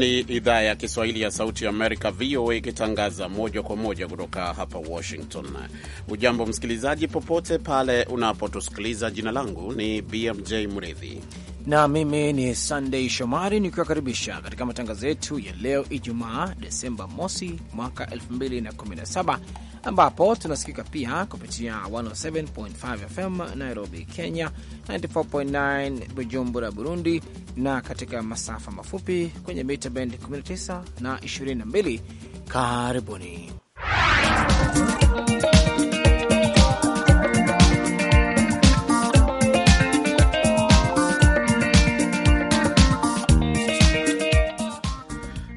Hii ni idhaa ya Kiswahili ya Sauti ya Amerika, VOA, ikitangaza moja kwa moja kutoka hapa Washington. Ujambo msikilizaji, popote pale unapotusikiliza. Jina langu ni BMJ Mridhi na mimi ni Sunday Shomari nikiwakaribisha katika matangazo yetu ya leo Ijumaa, Desemba mosi mwaka 2017 ambapo tunasikika pia kupitia 107.5 FM Nairobi, Kenya, 94.9 Bujumbura, Burundi, na katika masafa mafupi kwenye mita bendi 19 na 22. Karibuni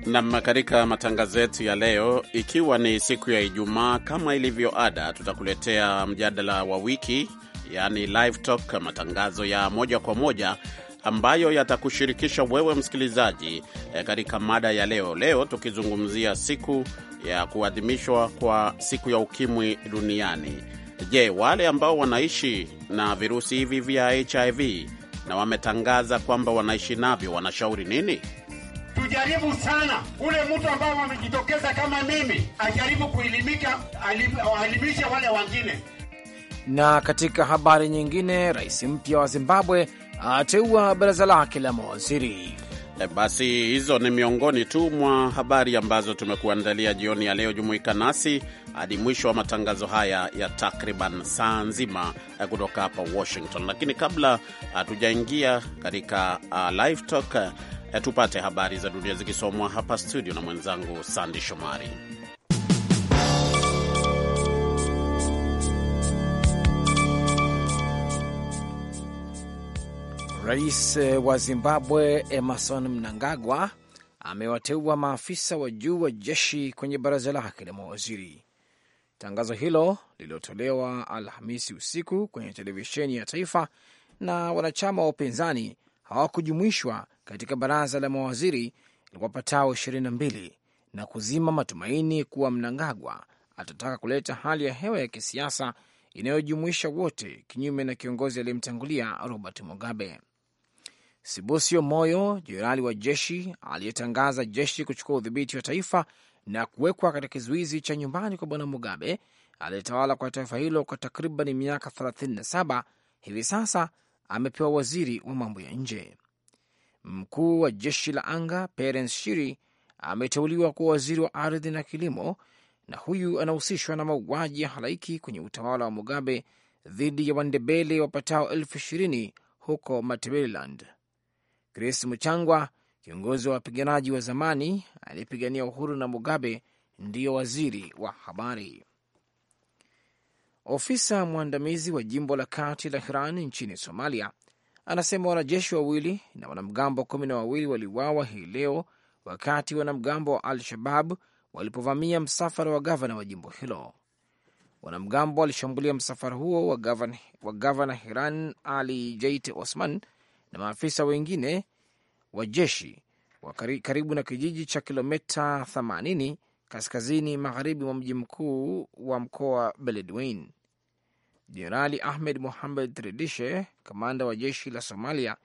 Nam, katika matangazo yetu ya leo, ikiwa ni siku ya Ijumaa, kama ilivyo ada, tutakuletea mjadala wa wiki, yani live talk, matangazo ya moja kwa moja ambayo yatakushirikisha wewe msikilizaji e, katika mada ya leo. Leo tukizungumzia siku ya kuadhimishwa kwa siku ya ukimwi duniani. Je, wale ambao wanaishi na virusi hivi vya HIV na wametangaza kwamba wanaishi navyo wanashauri nini? tujaribu sana ule mtu ambao wamejitokeza kama mimi ajaribu kuelimika, aelimishe wale wengine. Na katika habari nyingine, rais mpya wa Zimbabwe ateua baraza lake la mawaziri. Basi hizo ni miongoni tu mwa habari ambazo tumekuandalia jioni ya leo. Jumuika nasi hadi mwisho wa matangazo haya ya takriban saa nzima eh, kutoka hapa Washington, lakini kabla eh, hatujaingia katika uh, live talk E, tupate habari za dunia zikisomwa hapa studio na mwenzangu Sandi Shomari. Rais eh, wa Zimbabwe Emerson Mnangagwa amewateua maafisa wa juu wa jeshi kwenye baraza lake la mawaziri. Tangazo hilo lililotolewa Alhamisi usiku kwenye televisheni ya taifa na wanachama wa upinzani hawakujumuishwa katika baraza la mawaziri wapatao ishirini na mbili na kuzima matumaini kuwa Mnangagwa atataka kuleta hali ya hewa ya kisiasa inayojumuisha wote, kinyume na kiongozi aliyemtangulia Robert Mugabe. Sibusio Moyo, jenerali wa jeshi aliyetangaza jeshi kuchukua udhibiti wa taifa na kuwekwa katika kizuizi cha nyumbani kwa bwana Mugabe aliyetawala kwa taifa hilo kwa takriban miaka 37, hivi sasa amepewa waziri wa mambo ya nje. Mkuu wa jeshi la anga Perens Shiri ameteuliwa kuwa waziri wa ardhi na kilimo, na huyu anahusishwa na mauaji ya halaiki kwenye utawala wa Mugabe dhidi ya Wandebele wapatao elfu ishirini huko Matabeleland. Chris Muchangwa, kiongozi wa wapiganaji wa zamani aliyepigania uhuru na Mugabe, ndiyo waziri wa habari. Ofisa mwandamizi wa jimbo la kati la Hiran nchini Somalia anasema wanajeshi wawili na wanamgambo kumi na wawili waliuawa hii leo wakati wanamgambo wa Al-Shabab walipovamia msafara wa gavana wa jimbo hilo. Wanamgambo walishambulia msafara huo wa gavana, wa gavana Hiran Ali Jait Osman na maafisa wengine wa jeshi karibu na kijiji cha kilomita 80 kaskazini magharibi mwa mji mkuu wa mkoa Beledweyne. Jenerali Ahmed muhamed Tredishe, kamanda wa jeshi la Somalia,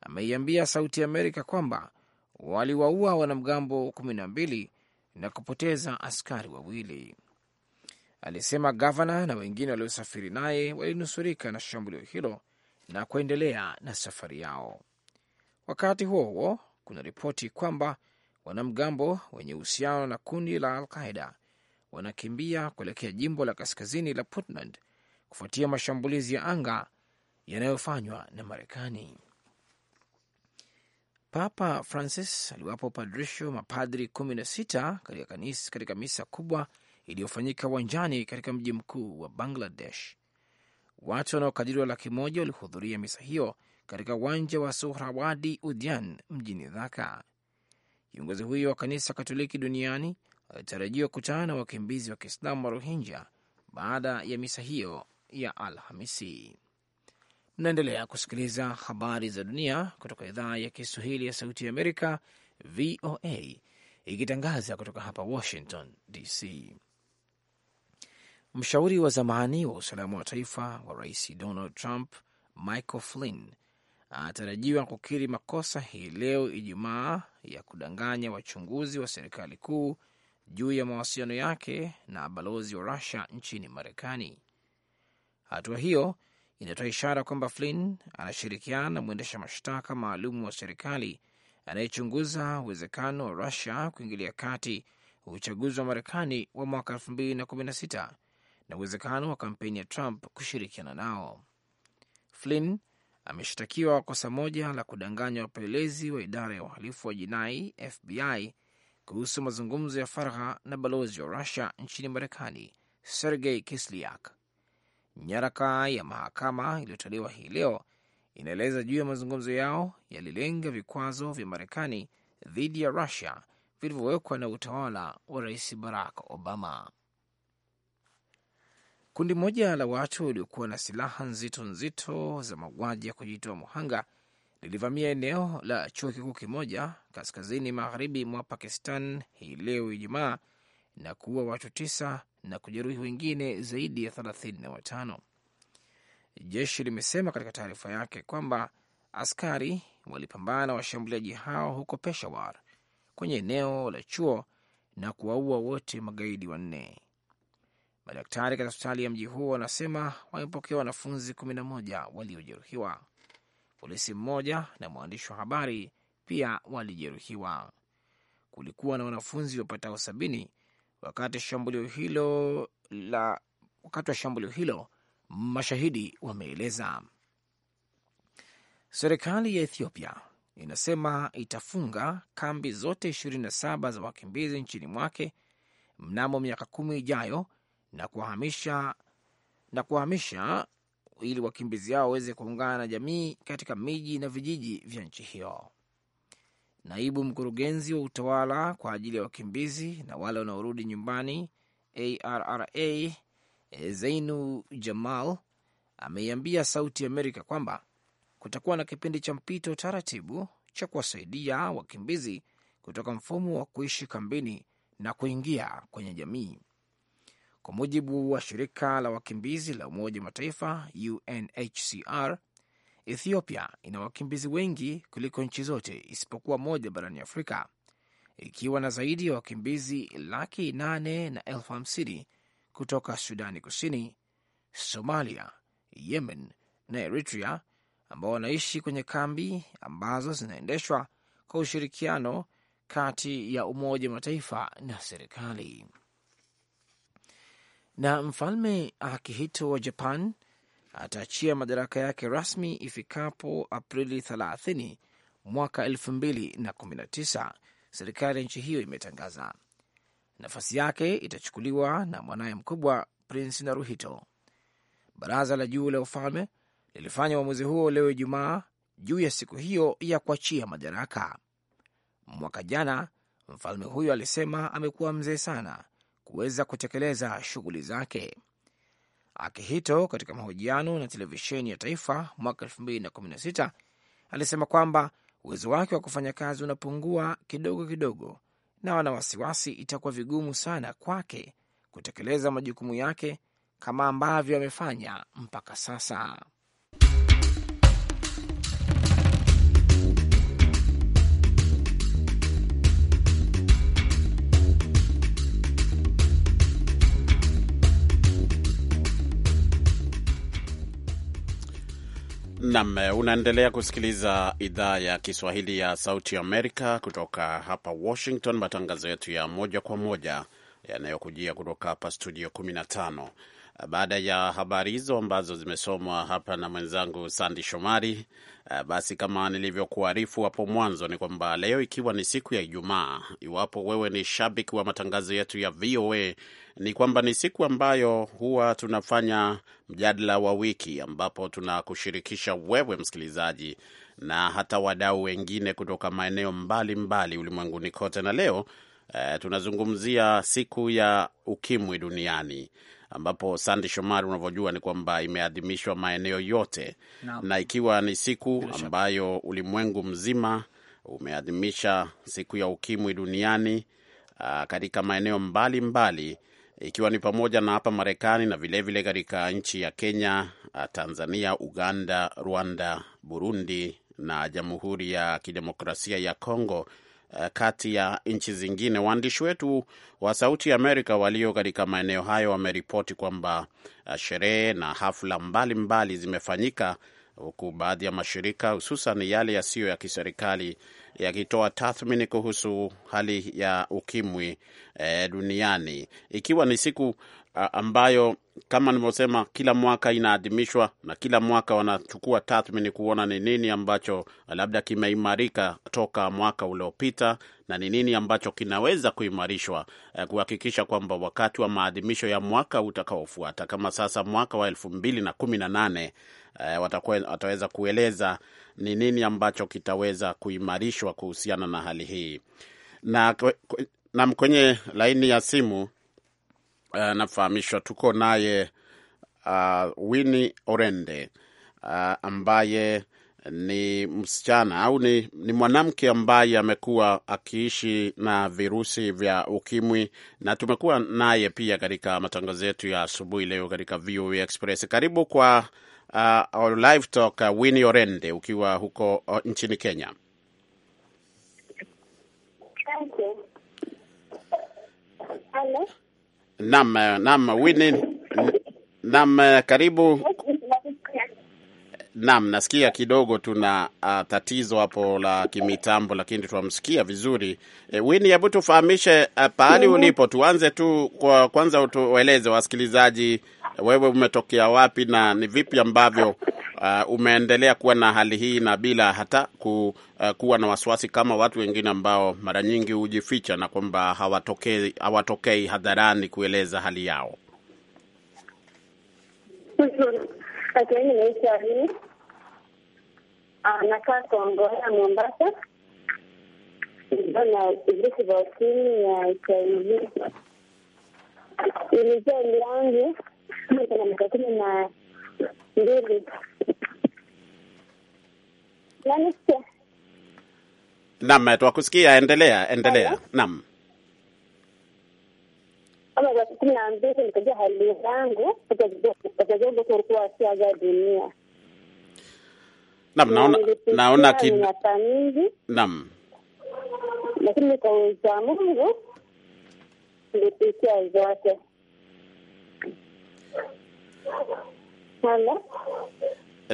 ameiambia Sauti Amerika kwamba waliwaua wanamgambo kumi na mbili na kupoteza askari wawili. Alisema gavana na wengine waliosafiri naye walinusurika na shambulio hilo na kuendelea na safari yao. Wakati huo huo, kuna ripoti kwamba wanamgambo wenye uhusiano na kundi la Al Qaida wanakimbia kuelekea jimbo la kaskazini la Puntland kufuatia mashambulizi ya anga yanayofanywa na Marekani. Papa Francis aliwapa upadrisho mapadri kumi na sita katika kanisa katika misa kubwa iliyofanyika uwanjani katika mji mkuu wa Bangladesh. Watu wanaokadiriwa laki moja walihudhuria misa hiyo katika uwanja wa Suhrawadi Udyan mjini Dhaka. Kiongozi huyo wa kanisa Katoliki duniani alitarajiwa kutana na wakimbizi wa Kiislamu wa Rohingya baada ya misa hiyo ya Alhamisi. Mnaendelea kusikiliza habari za dunia kutoka idhaa ya Kiswahili ya Sauti ya Amerika, VOA, ikitangaza kutoka hapa Washington DC. Mshauri wa zamani wa usalama wa taifa wa Rais Donald Trump, Michael Flynn, anatarajiwa kukiri makosa hii leo Ijumaa ya kudanganya wachunguzi wa serikali kuu juu ya mawasiliano yake na balozi wa Rusia nchini Marekani. Hatua hiyo inatoa ishara kwamba Flynn anashirikiana na mwendesha mashtaka maalum wa serikali anayechunguza uwezekano wa Rusia kuingilia kati uchaguzi wa Marekani wa mwaka 216 na uwezekano wa kampeni ya Trump kushirikiana nao. Flynn ameshtakiwa kosa moja la kudanganya wapelelezi wa idara ya uhalifu wa jinai FBI kuhusu mazungumzo ya faragha na balozi wa Rusia nchini Marekani Sergei Kisliak. Nyaraka ya mahakama iliyotolewa hii leo inaeleza juu ya mazungumzo yao yalilenga vikwazo vya Marekani dhidi ya Rusia vilivyowekwa na utawala wa Rais Barack Obama. Kundi moja la watu waliokuwa na silaha nzito nzito za mauaji ya kujitoa muhanga lilivamia eneo la chuo kikuu kimoja kaskazini magharibi mwa Pakistan hii leo Ijumaa na kuua watu tisa na kujeruhi wengine zaidi ya thelathini na watano. Jeshi limesema katika taarifa yake kwamba askari walipambana na washambuliaji hao huko Peshawar kwenye eneo la chuo na kuwaua wote magaidi wanne. Madaktari katika hospitali ya mji huo wanasema wamepokea wanafunzi kumi na moja waliojeruhiwa. Polisi mmoja na mwandishi wa habari pia walijeruhiwa. Kulikuwa na wanafunzi wapatao sabini wakati shambulio hilo la wakati wa shambulio hilo, mashahidi wameeleza. Serikali ya Ethiopia inasema itafunga kambi zote 27 za wakimbizi nchini mwake mnamo miaka kumi ijayo na kuwahamisha na kuwahamisha ili wakimbizi hao waweze kuungana na jamii katika miji na vijiji vya nchi hiyo. Naibu mkurugenzi wa utawala kwa ajili ya wakimbizi na wale wanaorudi nyumbani ARRA zeinu Jamal ameiambia Sauti Amerika kwamba kutakuwa na kipindi cha mpito taratibu cha kuwasaidia wakimbizi kutoka mfumo wa kuishi kambini na kuingia kwenye jamii. Kwa mujibu wa shirika la wakimbizi la Umoja wa Mataifa UNHCR, Ethiopia ina wakimbizi wengi kuliko nchi zote isipokuwa moja barani Afrika, ikiwa na zaidi ya wakimbizi laki nane na elfu hamsini kutoka Sudani Kusini, Somalia, Yemen na Eritrea, ambao wanaishi kwenye kambi ambazo zinaendeshwa kwa ushirikiano kati ya Umoja wa Mataifa na serikali. Na mfalme Akihito wa Japan ataachia madaraka yake rasmi ifikapo Aprili 30 mwaka 2019, serikali ya nchi hiyo imetangaza. Nafasi yake itachukuliwa na mwanaye mkubwa Prince Naruhito. Baraza la juu la ufalme lilifanya uamuzi huo leo Ijumaa juu ya siku hiyo ya kuachia madaraka. Mwaka jana mfalme huyo alisema amekuwa mzee sana kuweza kutekeleza shughuli zake. Akihito katika mahojiano na televisheni ya taifa mwaka 2016 alisema kwamba uwezo wake wa kufanya kazi unapungua kidogo kidogo, na wana wasiwasi itakuwa vigumu sana kwake kutekeleza majukumu yake kama ambavyo amefanya mpaka sasa. Nam, eh, unaendelea kusikiliza idhaa ya Kiswahili ya Sauti Amerika kutoka hapa Washington, matangazo yetu ya moja kwa moja yanayokujia kutoka hapa studio baada ya habari hizo ambazo zimesomwa hapa na mwenzangu Sandi Shomari, eh, basi kama nilivyokuarifu hapo mwanzo ni kwamba leo ikiwa ni siku ya Ijumaa, iwapo wewe ni shabiki wa matangazo yetu ya VOA, ni kwamba ni siku ambayo huwa tunafanya mjadala wa wiki, ambapo tunakushirikisha wewe msikilizaji na hata wadau wengine kutoka maeneo mbalimbali ulimwenguni kote, na leo eh, tunazungumzia siku ya ukimwi duniani ambapo Sande Shomari, unavyojua ni kwamba imeadhimishwa maeneo yote no. na ikiwa ni siku ambayo ulimwengu mzima umeadhimisha siku ya ukimwi duniani uh, katika maeneo mbalimbali ikiwa ni pamoja na hapa Marekani na vilevile katika nchi ya Kenya, ah, Tanzania, Uganda, Rwanda, Burundi na Jamhuri ya Kidemokrasia ya Kongo Eh, kati ya nchi zingine. Waandishi wetu wa Sauti ya Amerika walio katika maeneo hayo wameripoti kwamba eh, sherehe na hafla mbalimbali mbali zimefanyika huku baadhi ya mashirika hususan yale yasiyo ya, ya kiserikali yakitoa tathmini kuhusu hali ya ukimwi e, duniani ikiwa ni siku ambayo kama nilivyosema, kila mwaka inaadhimishwa na kila mwaka wanachukua tathmini kuona ni nini ambacho eh, labda kimeimarika toka mwaka uliopita na ni nini ambacho kinaweza kuimarishwa eh, kuhakikisha kwamba wakati wa maadhimisho ya mwaka utakaofuata, kama sasa mwaka wa elfu mbili na kumi na nane eh, wataweza kueleza ni nini ambacho kitaweza kuimarishwa kuhusiana na hali hii na, na kwenye laini ya simu Eh, nafahamishwa tuko naye uh, ah, Wini Orende uh, ambaye ni msichana au ni, ni mwanamke ambaye amekuwa akiishi na virusi vya ukimwi, na tumekuwa naye pia katika matangazo yetu ya asubuhi leo katika VOA Express. Karibu kwa uh, live talk uh, Wini Orende, ukiwa huko uh, nchini Kenya. Nam nam wini nam, karibu. nam. nasikia kidogo tuna uh, tatizo hapo la kimitambo, lakini tunamsikia vizuri e, eh, wini, hebu tufahamishe uh, pahali ulipo. Tuanze tu kwa kwanza, utueleze wasikilizaji wewe umetokea wapi na ni vipi ambavyo uh, umeendelea kuwa na hali hii na bila hata ku, uh, kuwa na wasiwasi kama watu wengine ambao mara nyingi hujificha na kwamba hawatokei hawatokei hadharani kueleza hali yao? Ah, nakaa Kongoa, Mombasa, na virusi vya ukimwi HIV na miaka kumi na mbili Naam, eh, twakusikia. Endelea, endelea. Naam, kama miaka kumi na mbili nikajua hali yangu, wazazi wangu walikuwa dunia. Naam, naona naona miaka mingi. Naam, lakini nikauza Mungu, nilipitia zote Hello.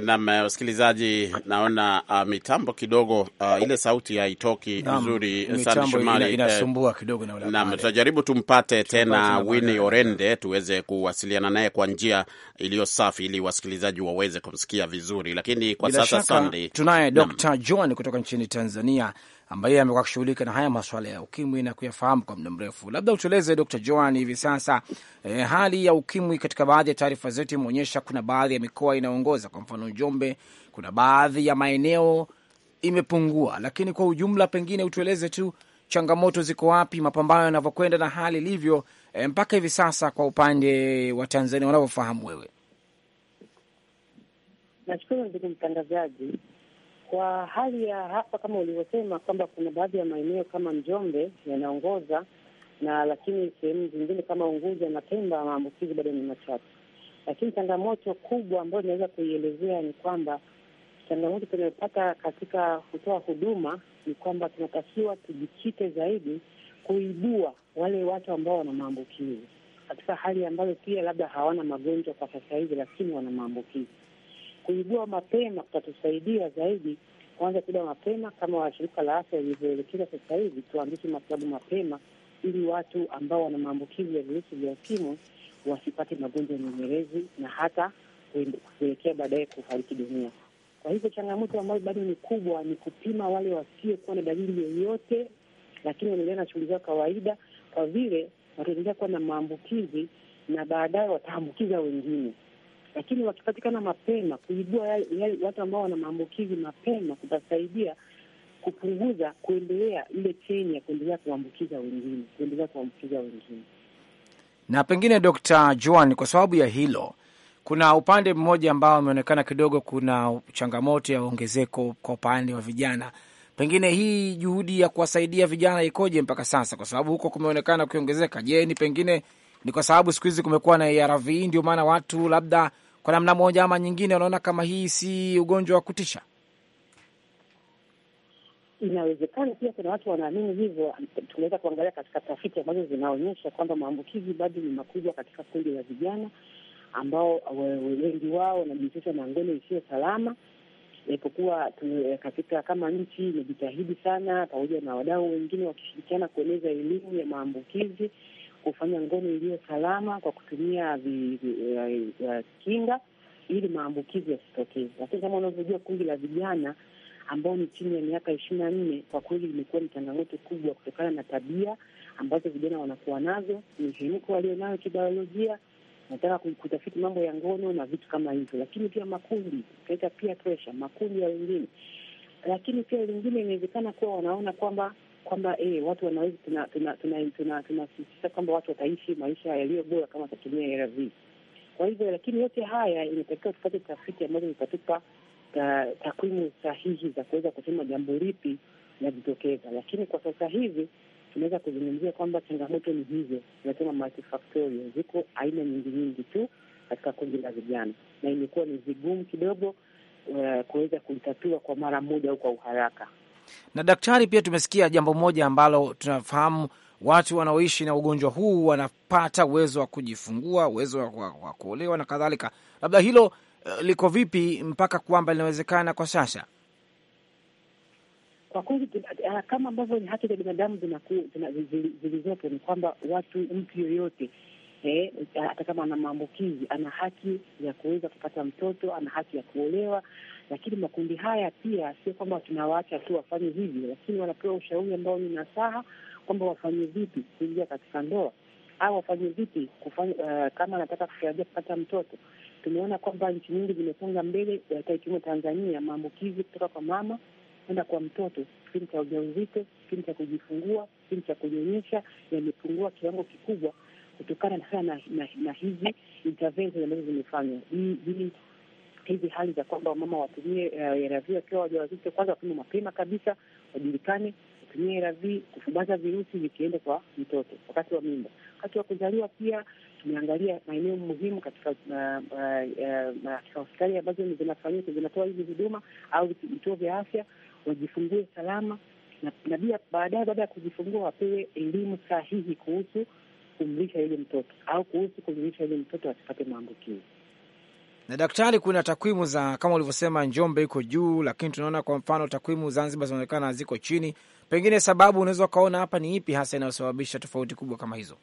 Naam, eh, naona uh, mitambo kidogo uh, ile sauti haitoki vizuri eh, sana eh, inasumbua kidogo. Naam, tutajaribu tumpate tena wini Orende tuweze kuwasiliana naye kwa njia iliyo safi ili wasikilizaji waweze kumsikia vizuri, lakini kwa sasa Sunday tunaye Dr. John kutoka nchini Tanzania ambaye amekuwa akishughulika na haya maswala ya ukimwi na kuyafahamu kwa muda mrefu. Labda utueleze Dr. Joan, hivi sasa e, hali ya ukimwi katika baadhi ya taarifa zetu imeonyesha kuna baadhi ya mikoa inayoongoza kwa mfano Njombe, kuna baadhi ya maeneo imepungua, lakini kwa ujumla, pengine utueleze tu changamoto ziko wapi, mapambano yanavyokwenda na hali ilivyo e, mpaka hivi sasa kwa upande wa Tanzania wanavyofahamu wewe. Nashukuru ndugu mtangazaji kwa hali ya hapa kama ulivyosema kwamba kuna baadhi ya maeneo kama Njombe yanaongoza na lakini sehemu zingine kama Unguja na Pemba maambukizi bado ni machache. Lakini changamoto kubwa ambayo inaweza kuielezea ni kwamba changamoto tunayopata katika kutoa huduma ni kwamba tunatakiwa tujikite zaidi kuibua wale watu ambao wana maambukizi katika hali ambayo pia labda hawana magonjwa kwa sasa hivi, lakini wana maambukizi kuibua mapema kutatusaidia zaidi kuanza tiba mapema kama washirika la afya ilivyoelekeza sasa hivi, tuanzishe matibabu mapema ili watu ambao wana maambukizi ya virusi vya ukimwi wasipate magonjwa ya nyemelezi na hata kuelekea baadaye kufariki dunia. Kwa hivyo changamoto ambayo bado ni kubwa ni kupima wale wasiokuwa na dalili yoyote, lakini wanaendelea na shughuli zao kawaida, kwa vile wataendelea kuwa na maambukizi na baadaye wataambukiza wengine lakini wakipatikana mapema, kuibua watu ambao wana maambukizi mapema kutasaidia kupunguza kuendelea ile cheni ya kuendelea kuambukiza wengine, kuendelea kuambukiza wengine. Na pengine, Dr. Joan, kwa sababu ya hilo, kuna upande mmoja ambao ameonekana kidogo kuna changamoto ya ongezeko kwa upande wa vijana. Pengine hii juhudi ya kuwasaidia vijana ikoje mpaka sasa, kwa sababu huko kumeonekana kuongezeka? Je, ni pengine ni kwa sababu siku hizi kumekuwa na ARV ndio maana watu labda kwa namna moja ama nyingine, wanaona kama hii si ugonjwa wa kutisha? Inawezekana pia kuna watu wanaamini hivyo. Tunaweza kuangalia katika tafiti ambazo zinaonyesha kwamba maambukizi bado ni makubwa katika kundi la vijana ambao wengi wao wanajihusisha na ngono isiyo salama, ipokuwa eh, katika kama nchi imejitahidi sana pamoja na wadau wengine wakishirikiana kueneza elimu ya maambukizi kufanya ngono iliyo salama kwa kutumia vi, vi, uh, uh, kinga ili maambukizi yasitokee. Lakini kama unavyojua kundi la vijana ambao ni chini ya miaka ishirini na nne kwa kweli limekuwa ni changamoto kubwa kutokana na tabia ambazo vijana wanakuwa nazo, mihemko walionayo kibiolojia, nataka kutafiti mambo ya ngono na vitu kama hivyo, lakini pia makundi kaita pia presha makundi ya wengine. Lakini pia lingine inawezekana kuwa wanaona kwamba kwamba eh, watu wanaweza tunasisitiza tuna, tuna, tuna, tuna kwamba watu wataishi maisha yaliyo bora kama watatumia ARV. Kwa hivyo lakini yote haya inatakiwa tupate tafiti ambazo zitatupa takwimu sahihi za kuweza kusema jambo lipi linajitokeza, lakini kwa sasa hivi tunaweza kuzungumzia kwamba changamoto ni hizo, tunasema multifactorial, ziko aina nyingi nyingi tu katika kundi la vijana, na imekuwa ni vigumu kidogo uh, kuweza kuitatua kwa mara moja au kwa uharaka. Na daktari, pia tumesikia jambo moja ambalo tunafahamu watu wanaoishi na ugonjwa huu wanapata uwezo wa kujifungua, uwezo wa kuolewa na kadhalika. Labda hilo uh, liko vipi mpaka kwamba linawezekana kwa sasa? Kwa kweli eh, kama ambavyo ni haki za binadamu zilizopo ni kwamba watu, mtu yoyote hata kama ana maambukizi ana haki ya kuweza kupata mtoto, ana haki ya kuolewa. Lakini makundi haya pia sio kwamba tunawaacha tu wafanye hivyo, lakini wanapewa ushauri ambao ni nasaha kwamba wafanye vipi kuingia katika ndoa au wafanye vipi kufanya, uh, kama anataka kutarajia kupata mtoto. Tumeona kwamba nchi nyingi zimesonga mbele, eh, ikiwemo Tanzania, maambukizi kutoka kwa mama kwenda kwa mtoto kipindi cha ujauzito, kipindi cha kujifungua, kipindi cha kunyonyesha yamepungua kiwango kikubwa kutokana sana na, na, na hizi intervention ambazo zimefanywa hizi hali za kwamba wamama watumie ARV eh, wakiwa wajawazito, kwanza wapime mapema kabisa, wajulikane, watumie ARV kufubaza virusi vikienda kwa mtoto wakati wa mimba. Wakati wa kuzaliwa pia tumeangalia maeneo muhimu katika eh, eh, hospitali ambazo zinafanyika zinatoa hizi huduma au vituo vya afya, wajifungue salama na pia baadaye, baada ya kujifungua, wapewe elimu sahihi kuhusu kumlisha yule mtoto au kuhusu kumlisha yule mtoto asipate maambukizi. Na daktari, kuna takwimu za kama ulivyosema, Njombe iko juu, lakini tunaona kwa mfano takwimu Zanzibar zinaonekana ziko chini. Pengine sababu unaweza ukaona hapa ni ipi hasa inayosababisha tofauti kubwa kama hizo?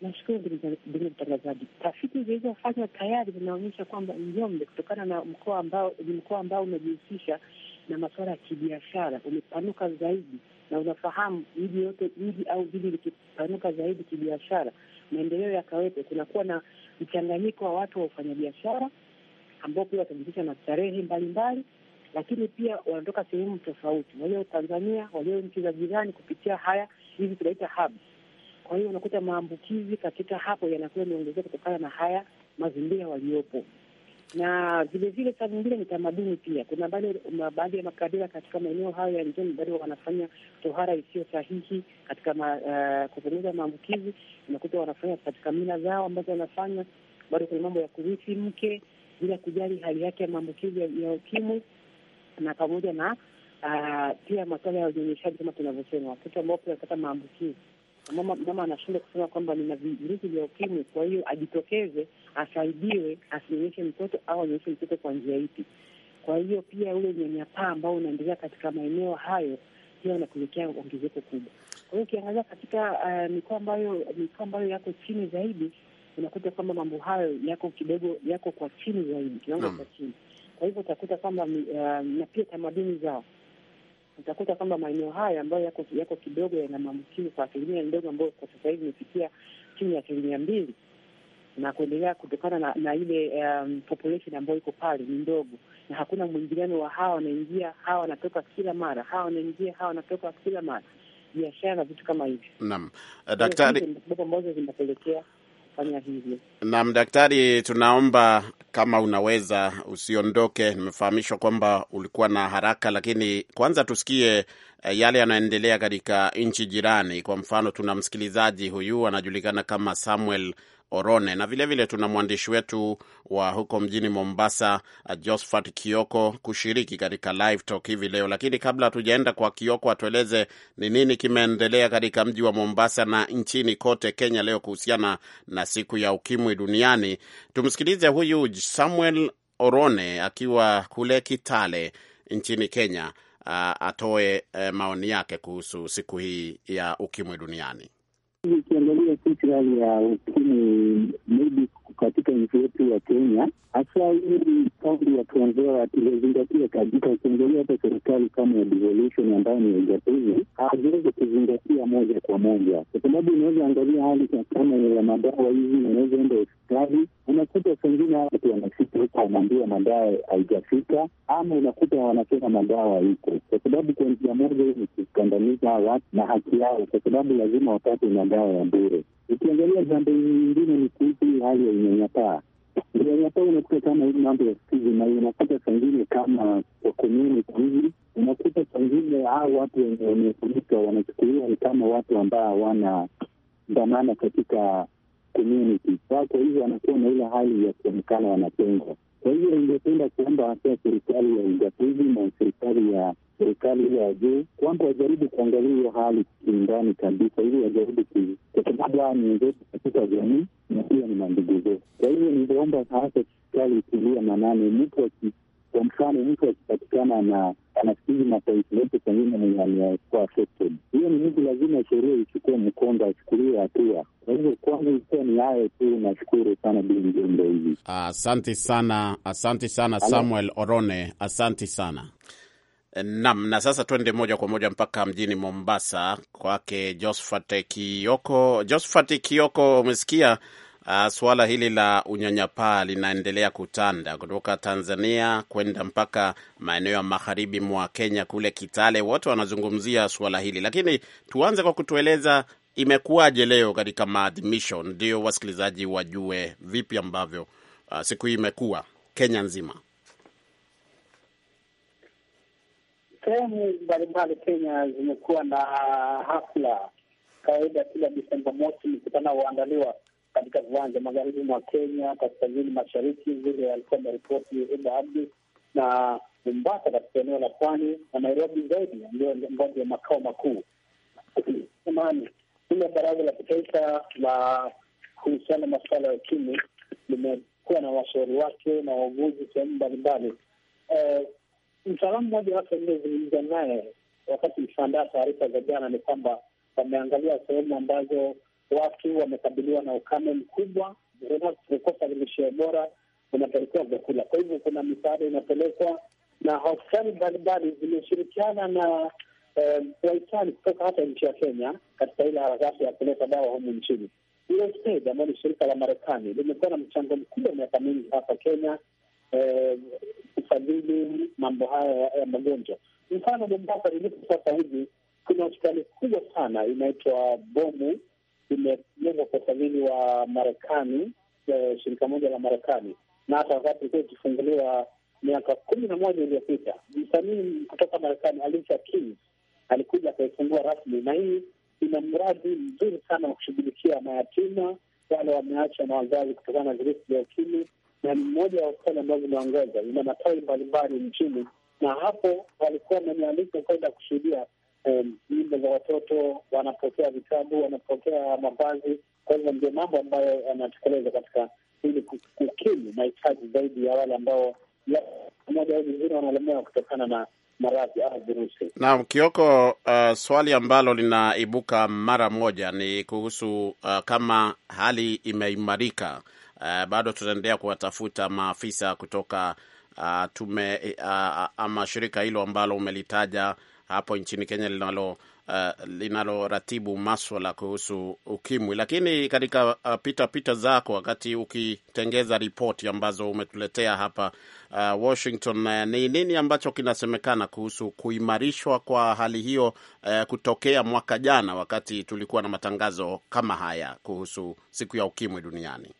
Nashukuru ndugu mtangazaji, tafiti zilizofanywa tayari zinaonyesha kwamba Njombe, kutokana na mkoa ambao ni mkoa ambao umejihusisha na masuala ya kibiashara, umepanuka zaidi na unafahamu mji yote mji au jiji likipanuka zaidi kibiashara, maendeleo yakawepo, kunakuwa na mchanganyiko wa watu wa ufanyabiashara ambao pia watajihusisha na starehe mbalimbali, lakini pia wanatoka sehemu tofauti, walio Tanzania, walio nchi za jirani, kupitia haya hivi tunaita hub. Kwa hiyo unakuta maambukizi katika hapo yanakuwa yameongezeka kutokana na haya mazingira waliopo na vilevile saa nyingine ni tamaduni pia. Kuna baadhi ya makabila katika maeneo hayo ya Njombe bado wanafanya tohara isiyo sahihi katika ma, uh, kupunguza maambukizi. Unakuta wanafanya katika mila zao ambazo wanafanya bado. Kuna mambo ya kurithi mke bila kujali hali yake ya maambukizi ya ukimwi na pamoja na uh, pia masuala ya unyonyeshaji kama tunavyosema, watoto ambao pia wanapata maambukizi mama, mama anashindwa kusema kwamba nina virusi vya ukimwi, kwa hiyo ajitokeze asaidiwe, asionyeshe mtoto au anyonyeshe mtoto kwa njia ipi. Kwa hiyo pia ule unyanyapaa ambao unaendelea katika maeneo hayo pia unapelekea ongezeko kubwa. Kwa hiyo ukiangalia katika uh, mikoa ambayo mikoa ambayo yako chini zaidi unakuta kwamba mambo hayo yako kidogo, yako kwa chini zaidi, kiwango cha chini. Kwa hivyo utakuta kwamba uh, na pia tamaduni zao utakuta kwamba maeneo haya ambayo yako yako kidogo yana maambukizi kwa asilimia ndogo, ambayo kwa sasa hivi imefikia chini ya asilimia mbili na kuendelea kutokana na, na ile um, population ambayo iko pale ni ndogo, na hakuna mwingiliano wa hawa wanaingia hawa wanatoka kila mara, hawa wanaingia hawa wanatoka kila mara, biashara na vitu kama hivyo. Naam, daktari, ambazo zinapelekea kufanya hivyo. Naam, daktari, tunaomba kama unaweza usiondoke. Nimefahamishwa kwamba ulikuwa na haraka, lakini kwanza tusikie eh, yale yanayoendelea katika nchi jirani. Kwa mfano, tuna msikilizaji huyu anajulikana kama Samuel Orone, na vilevile vile tuna mwandishi wetu wa huko mjini Mombasa, uh, Josphat Kioko, kushiriki katika live talk hivi leo. Lakini kabla hatujaenda kwa Kioko, atueleze ni nini kimeendelea katika mji wa Mombasa na nchini kote Kenya leo kuhusiana na siku ya ukimwi duniani. Tumsikilize huyu Samuel Orone akiwa kule Kitale nchini Kenya, uh, atoe eh, maoni yake kuhusu siku hii ya ukimwi duniani masirahi ya ukimwi maybe katika nchi yetu ya Kenya, hasa hili kaunti ya Trans Nzoia kabisa. Ukiangalia hata serikali kama ya devolution ambayo ni ya ugatuzi haziwezi kuzingatia moja kwa moja, kwa sababu unaweza angalia hali kama ya madawa hizi, unaweza enda hospitali unakuta sengine watu wanafika huko wanaambia madawa haijafika, ama unakuta wanasema madawa iko, kwa sababu kwa njia moja hii ni kukandamiza watu na haki yao, kwa sababu lazima wapate madawa ya bure. Ukiangalia jambo nyingine ni kuhusu hali ya unyanyapaa. Unyanyapaa unakuta kama hii mambo ya siku na unakuta sangine kama kwa community unakuta sangine hao watu wenye wamefunika wanachukuliwa ni kama watu ambao hawana dhamana katika community. Kwa hivyo wanakuwa na ile hali ya kuonekana wanatengwa. Kwa hiyo ingependa kuomba hata serikali ya ugatuzi na serikali ya serikali ya juu kwamba wajaribu kuangalia hiyo hali kiundani kabisa, ili wajaribu, kwa sababu hawa ni wenzetu katika jamii na pia ni mandugu zetu. Kwa hiyo ningeomba hasa serikali itilia manane mtu kwa mfano, mtu akipatikana na ana stigma pengine mwenye amekuwa affected, hiyo ni mtu lazima sheria ichukue mkondo, achukuliwe hatua. Kwa hivyo kwangu ilikuwa ni hayo tu. Nashukuru sana Biljumbe hivi, asante sana, asante sana Samuel Orone, asante sana. Nam, na sasa tuende moja kwa moja mpaka mjini Mombasa kwake Josphat Kioko. Josphat Kioko, umesikia Uh, suala hili la unyanyapaa linaendelea kutanda kutoka Tanzania kwenda mpaka maeneo ya magharibi mwa Kenya kule Kitale, wote wanazungumzia suala hili, lakini tuanze kwa kutueleza imekuwaje leo katika maadhimisho, ndio wasikilizaji wajue vipi ambavyo uh, siku hii imekuwa Kenya nzima. Sehemu mbalimbali Kenya zimekuwa na hafla kawaida, kila Desemba mosi mkutano huandaliwa katika viwanja magharibi mwa Kenya, kaskazini mashariki, vile alikuwa ameripoti Ida Abdi, na Mombasa katika eneo la pwani, na Nairobi zaidi ndio ndio makao makuu samani Baraza la kitaifa la kuhusiana masuala ya ukimwi limekuwa na washauri wake na wauguzi sehemu mbalimbali. Eh, mtaalamu mmoja wake nilizungumza naye wakati mkiandaa taarifa za jana ni kwamba wameangalia sehemu ambazo watu wamekabiliwa na ukame mkubwa, kukosa lishe bora, unapelekewa vyakula. Kwa hivyo kuna misaada inapelekwa na hospitali mbalimbali zimeshirikiana na eh, wahisani kutoka hata nchi ya Kenya katika ile harakati ya kuleta dawa humu nchini. USAID ambayo ni shirika la Marekani limekuwa na mchango mkubwa miaka mingi hapa Kenya eh, kufadhili mambo haya ya magonjwa. Mfano, Mombasa lilipo sasa hivi kuna hospitali kubwa sana inaitwa Bomu imejengwa kwa ufadhili wa Marekani, eh, shirika moja la Marekani, na hata wakati ilikuwa ikifunguliwa miaka kumi na moja iliyopita msanii kutoka Marekani Alicia Keys alikuja akaifungua rasmi, na hii ina mradi mzuri sana wa kushughulikia mayatima wale wameachwa na wazazi kutokana na virusi vya ukimwi, na ni mmoja wa hospitali ambazo zimeongeza ina matawi mbalimbali nchini, na hapo walikuwa wamenialika kwenda kushuhudia Um, nyimbo za watoto, wanapokea vitabu, wanapokea mavazi. Kwa hivyo ndio mambo ambayo yanatekeleza katika ili kukimu mahitaji zaidi ya wale ambao moja au vingine wanalemewa kutokana na maradhi au virusi. Naam, Kioko, uh, swali ambalo linaibuka mara moja ni kuhusu uh, kama hali imeimarika. Uh, bado tunaendelea kuwatafuta maafisa kutoka uh, tume uh, ama shirika hilo ambalo umelitaja hapo nchini Kenya linalo uh, linaloratibu maswala kuhusu ukimwi. Lakini katika uh, pita pita zako wakati ukitengeza ripoti ambazo umetuletea hapa uh, Washington, uh, ni nini ambacho kinasemekana kuhusu kuimarishwa kwa hali hiyo uh, kutokea mwaka jana wakati tulikuwa na matangazo kama haya kuhusu siku ya ukimwi duniani?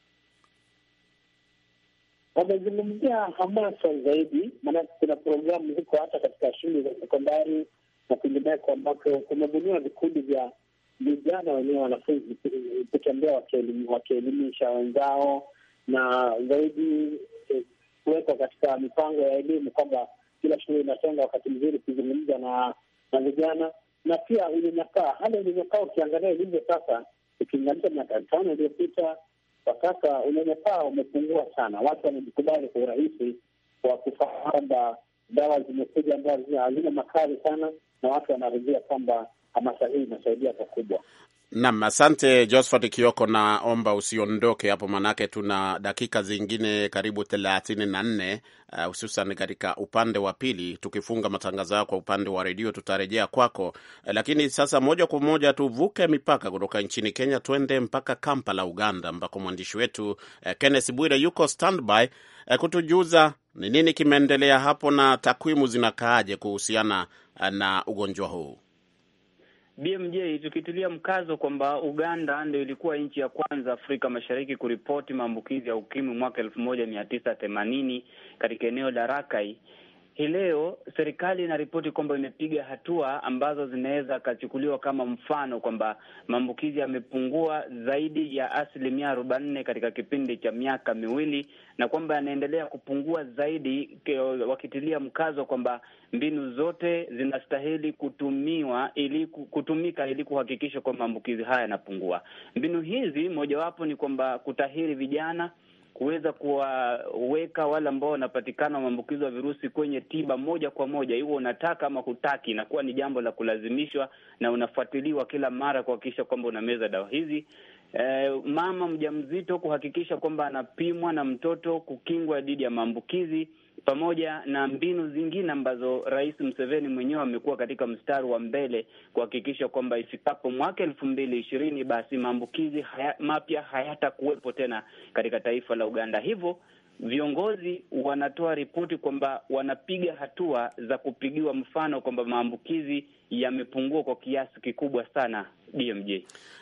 wamezungumzia hamasa zaidi, maanake kuna programu ziko hata katika shule za sekondari na kwingineko, ambako kumebuniwa vikundi vya vijana wenyewe wanafunzi kutembea wakielimisha wenzao, na zaidi eh, kuwekwa katika mipango ya elimu kwamba kila shule inatenga wakati mzuri kuzungumza na na vijana, na pia unyanyakaa, hali unyanyakaa ukiangalia ilivyo sasa ukilinganisha miaka tano iliyopita kwa sasa unyanyapaa umepungua sana, watu wamejikubali kwa urahisi wa kufaa kwamba dawa zimekuja ambazo hazina makali sana, na watu wanarejea kwamba hamasa hii inasaidia pakubwa. Nam, asante Josphat Kioko, naomba usiondoke hapo, manake tuna dakika zingine karibu thelathini na nne uh, hususan uh, katika upande wa pili. Tukifunga matangazo yao kwa upande wa redio, tutarejea kwako, eh, lakini sasa moja kwa moja tuvuke mipaka kutoka nchini Kenya tuende mpaka Kampala, Uganda, ambako mwandishi wetu uh, Kenneth Bwire yuko standby uh, kutujuza ni nini kimeendelea hapo na takwimu zinakaaje kuhusiana uh, na ugonjwa huu. BMJ, tukitilia mkazo kwamba Uganda ndio ilikuwa nchi ya kwanza Afrika Mashariki kuripoti maambukizi ya ukimwi mwaka elfu moja mia tisa themanini katika eneo la Rakai, hii leo serikali inaripoti kwamba imepiga hatua ambazo zinaweza kachukuliwa kama mfano kwamba maambukizi yamepungua zaidi ya asilimia arobaini katika kipindi cha miaka miwili na kwamba yanaendelea kupungua zaidi, wakitilia mkazo kwamba mbinu zote zinastahili kutumiwa ili kutumika ili kuhakikisha kwamba maambukizi haya yanapungua. Mbinu hizi mojawapo ni kwamba kutahiri vijana kuweza kuwaweka wale ambao wanapatikana maambukizo ya virusi kwenye tiba moja kwa moja, iwe unataka ama hutaki, inakuwa ni jambo la kulazimishwa na unafuatiliwa kila mara kuhakikisha kwamba unameza dawa hizi. E, mama mjamzito kuhakikisha kwamba anapimwa na mtoto kukingwa dhidi ya maambukizi pamoja na mbinu zingine ambazo Rais mseveni mwenyewe amekuwa katika mstari wa mbele kuhakikisha kwamba ifikapo mwaka elfu mbili ishirini basi maambukizi haya, mapya hayatakuwepo tena katika taifa la Uganda. Hivyo viongozi wanatoa ripoti kwamba wanapiga hatua za kupigiwa mfano kwamba maambukizi yamepungua kwa kiasi kikubwa sana DMJ.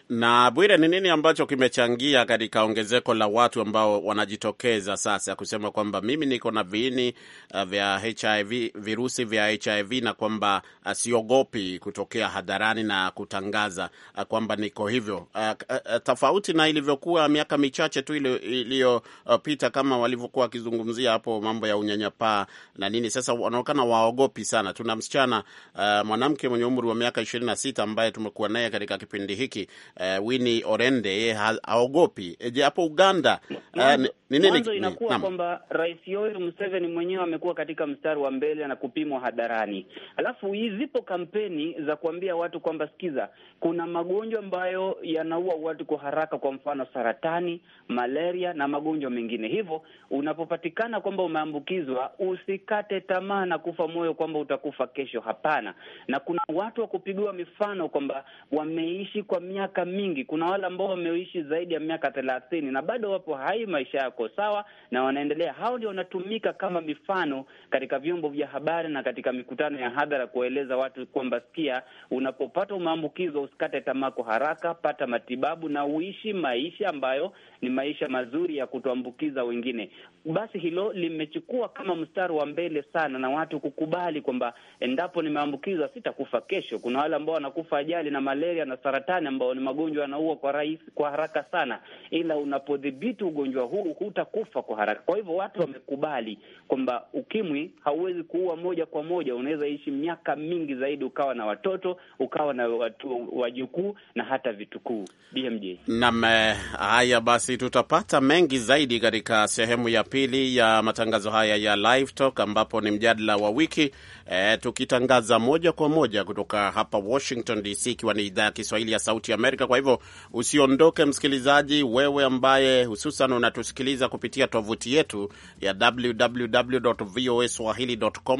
Na Bwire, ni nini ambacho kimechangia katika ongezeko la watu ambao wanajitokeza sasa kusema kwamba mimi niko na viini uh, vya HIV, virusi vya HIV na kwamba uh, siogopi kutokea hadharani na kutangaza uh, kwamba niko hivyo uh, uh, uh tofauti na ilivyokuwa miaka michache tu iliyopita uh, kama walivyokuwa wakizungumzia hapo mambo ya unyanyapaa na nini. Sasa wanaonekana waogopi sana. Tuna msichana uh, mwanamke mwenye umri wa miaka 26 ambaye tumekuwa naye katika kipindi hiki uh, eh, Wini Orende yeye haogopi. E, je, hapo Uganda uh, ni nini inakuwa kwamba Rais Yoweri Museveni mwenyewe amekuwa katika mstari wa mbele na kupimwa hadharani, alafu zipo kampeni za kuambia watu kwamba sikiza, kuna magonjwa ambayo yanaua watu kwa haraka, kwa mfano saratani, malaria na magonjwa mengine. Hivyo unapopatikana kwamba umeambukizwa, usikate tamaa na kufa moyo kwamba utakufa kesho. Hapana, na kuna watu wa kupigiwa mifano kwamba wameishi kwa miaka mingi. Kuna wale ambao wameishi zaidi ya miaka thelathini na bado wapo hai, maisha yako sawa na wanaendelea. Hao ndio wanatumika kama mifano katika vyombo vya habari na katika mikutano ya hadhara kueleza watu kwamba, sikia, unapopata umeambukizwa usikate tamaa kwa haraka, pata matibabu na uishi maisha ambayo ni maisha mazuri ya kutoambukiza wengine. Basi hilo limechukua kama mstari wa mbele sana, na watu kukubali kwamba endapo nimeambukizwa sitakufa wanakufa kesho. Kuna wale ambao wanakufa ajali na malaria na saratani, ambao ni magonjwa yanaua kwa rahisi, kwa haraka sana, ila unapodhibiti ugonjwa huu hutakufa kwa haraka. Kwa hivyo watu wamekubali kwamba ukimwi hauwezi kuua moja kwa moja, unaweza ishi miaka mingi zaidi, ukawa na watoto, ukawa na watu wajukuu na hata vitukuu. BMJ nam. Eh, haya basi, tutapata mengi zaidi katika sehemu ya pili ya matangazo haya ya Live Talk, ambapo ni mjadala wa wiki e, tukitangaza moja kwa moja moja kutoka hapa Washington DC, ikiwa ni idhaa ya Kiswahili ya Sauti Amerika. Kwa hivyo usiondoke msikilizaji, wewe ambaye hususan unatusikiliza kupitia tovuti yetu ya www voa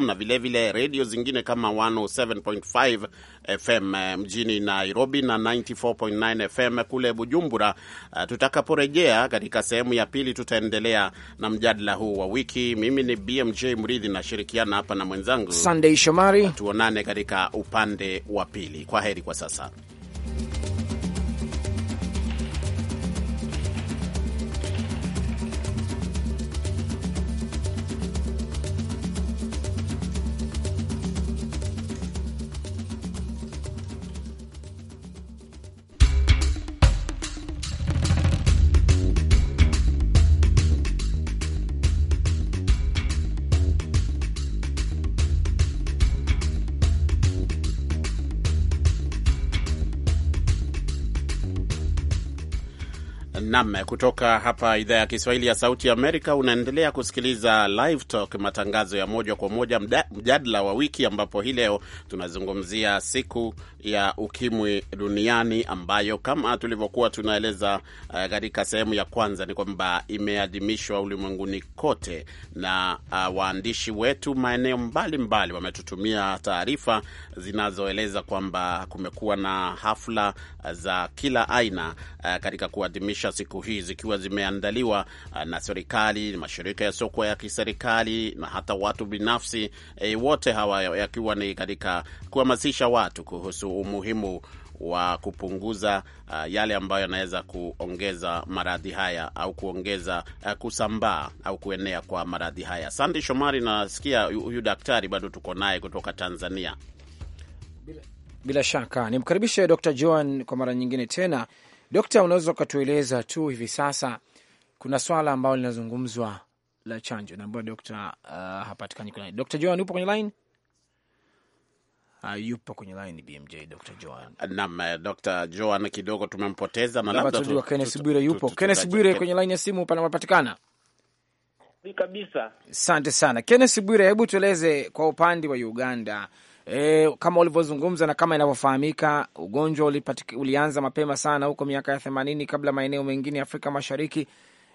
na vilevile redio zingine kama 107.5 FM eh, mjini Nairobi na 94.9 FM kule Bujumbura. Eh, tutakaporejea katika sehemu ya pili, tutaendelea na mjadala huu wa wiki. Mimi ni BMJ Mridhi, nashirikiana hapa na mwenzangu Sunday Shomari. Tuonane katika upande wa pili. Kwa heri kwa sasa. Nam kutoka hapa idhaa ya Kiswahili ya Sauti ya Amerika. Unaendelea kusikiliza Live Talk, matangazo ya moja kwa moja, mjadala wa wiki, ambapo hii leo tunazungumzia siku ya ukimwi duniani, ambayo kama tulivyokuwa tunaeleza eh, katika uh, sehemu ya kwanza ni kwamba imeadhimishwa ulimwenguni kote, na uh, waandishi wetu maeneo mbalimbali wametutumia taarifa zinazoeleza kwamba kumekuwa na hafla za kila aina uh, katika kuadhimisha siku hii zikiwa zimeandaliwa uh, na serikali, mashirika ya soko ya kiserikali na hata watu binafsi e, wote hawa yakiwa ni katika kuhamasisha watu kuhusu umuhimu wa kupunguza uh, yale ambayo yanaweza kuongeza maradhi haya au kuongeza uh, kusambaa au kuenea kwa maradhi haya. Sandi Shomari, nasikia huyu daktari bado tuko naye kutoka Tanzania. Bila, bila shaka nimkaribishe Dr. Joan kwa mara nyingine tena Dokta, unaweza ukatueleza tu hivi sasa kuna swala ambalo linazungumzwa la chanjo na ambayo dokta uh, hapatikani kwenye line. Dokta Joan upo kwenye line? Uh, yupo kwenye line BMJ Dr. Joan. Naam, eh, Dr. Joan kidogo tumempoteza na labda tu Kenneth Bwire yupo. Kenneth Bwire kwenye line ya simu panapatikana. Ni kabisa. Asante sana. Kenneth Bwire, hebu tueleze kwa upande wa Uganda e, kama ulivyozungumza na kama inavyofahamika ugonjwa ulipatik, ulianza mapema sana huko miaka ya themanini kabla maeneo mengine ya Afrika Mashariki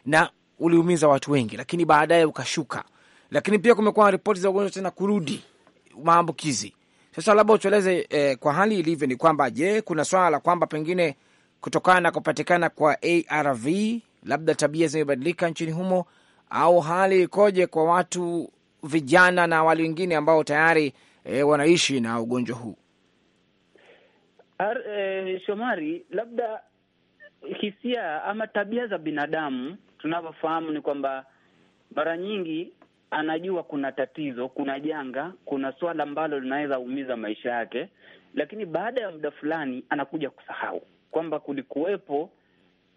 na uliumiza watu wengi, lakini baadaye ukashuka. Lakini pia kumekuwa na ripoti za ugonjwa tena kurudi maambukizi. Sasa labda utueleze e, kwa hali ilivyo ni kwamba je, kuna swala la kwamba pengine kutokana na kupatikana kwa ARV labda tabia zimebadilika nchini humo, au hali ikoje kwa watu vijana na wale wengine ambao tayari e, wanaishi na ugonjwa huu. E, Shomari, labda hisia ama tabia za binadamu tunavyofahamu ni kwamba mara nyingi anajua kuna tatizo, kuna janga, kuna swala ambalo linaweza umiza maisha yake, lakini baada ya muda fulani anakuja kusahau kwamba kulikuwepo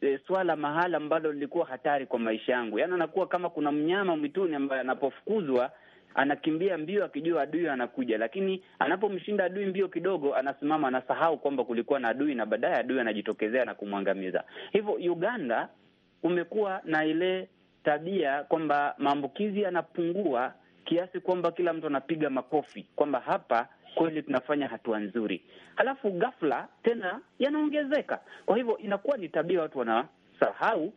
e, swala mahala ambalo lilikuwa hatari kwa maisha yangu. Yaani anakuwa kama kuna mnyama mwituni ambaye anapofukuzwa anakimbia mbio akijua adui anakuja, lakini anapomshinda adui mbio kidogo, anasimama, anasahau kwamba kulikuwa na adui, na baadaye adui anajitokezea na kumwangamiza. Hivyo Uganda kumekuwa na ile tabia kwamba maambukizi yanapungua kiasi kwamba kila mtu anapiga makofi kwamba hapa kweli tunafanya hatua nzuri, halafu ghafla tena yanaongezeka. Kwa hivyo inakuwa ni tabia, watu wanasahau,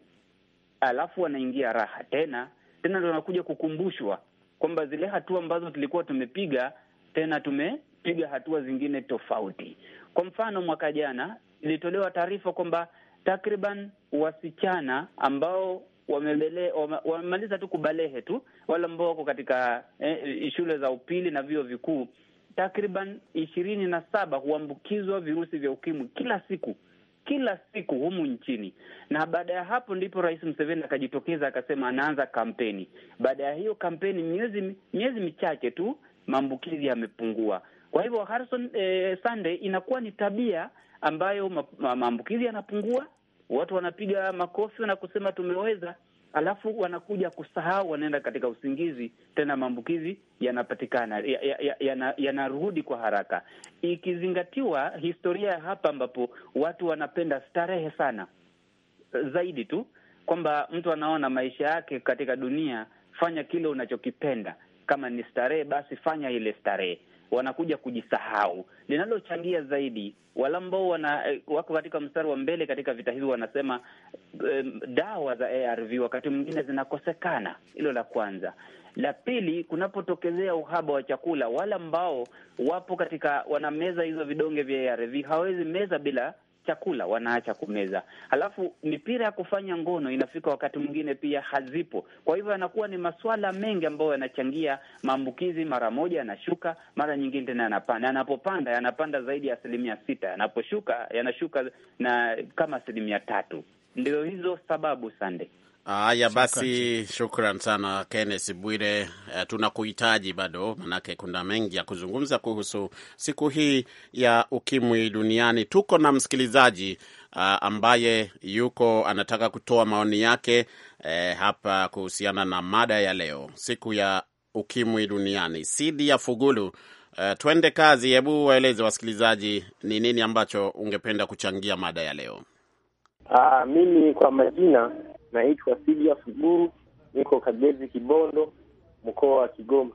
halafu wanaingia raha tena tena, ndo wanakuja kukumbushwa kwamba zile hatua ambazo tulikuwa tumepiga tena tumepiga hatua zingine tofauti. Kwa mfano, mwaka jana ilitolewa taarifa kwamba takriban wasichana ambao wamemaliza tu kubalehe tu wale ambao wako katika eh, shule za upili na vyuo vikuu takriban ishirini na saba huambukizwa virusi vya ukimwi kila siku kila siku humu nchini. Na baada ya hapo ndipo Rais Museveni akajitokeza akasema anaanza kampeni. Baada ya hiyo kampeni, miezi miezi michache tu maambukizi yamepungua. Kwa hivyo Harrison, eh, Sunday, inakuwa ni tabia ambayo maambukizi yanapungua, watu wanapiga makofi na kusema tumeweza alafu wanakuja kusahau, wanaenda katika usingizi, tena maambukizi yanapatikana yanarudi ya, ya, ya kwa haraka, ikizingatiwa historia ya hapa ambapo watu wanapenda starehe sana eh, zaidi tu kwamba mtu anaona maisha yake katika dunia, fanya kile unachokipenda. Kama ni starehe, basi fanya ile starehe wanakuja kujisahau. Linalochangia zaidi wale ambao wana eh, wako katika mstari wa mbele katika vita hivi wanasema um, dawa za ARV wakati mwingine zinakosekana. Hilo la kwanza. La pili, kunapotokezea uhaba wa chakula, wale ambao wapo katika wanameza hizo vidonge vya ARV hawawezi meza bila chakula wanaacha kumeza. Halafu mipira ya kufanya ngono inafika wakati mwingine pia hazipo. Kwa hivyo yanakuwa ni masuala mengi ambayo yanachangia maambukizi. Mara moja yanashuka, mara nyingine tena yanapanda. Yanapopanda yanapanda zaidi ya asilimia sita, yanaposhuka yanashuka na kama asilimia tatu. Ndio hizo sababu, Sande. Haya basi, shukran sana Kenneth Bwire. Uh, tunakuhitaji bado, manake kuna mengi ya kuzungumza kuhusu siku hii ya ukimwi duniani. Tuko na msikilizaji uh, ambaye yuko anataka kutoa maoni yake uh, hapa kuhusiana na mada ya leo, siku ya ukimwi duniani. Sidi ya Fugulu, uh, twende kazi. Hebu waeleze wasikilizaji ni nini ambacho ungependa kuchangia mada ya leo. Aa, ah, mimi kwa majina Naitwa Silius Guru, niko Kagezi, Kibondo, mkoa wa Kigoma.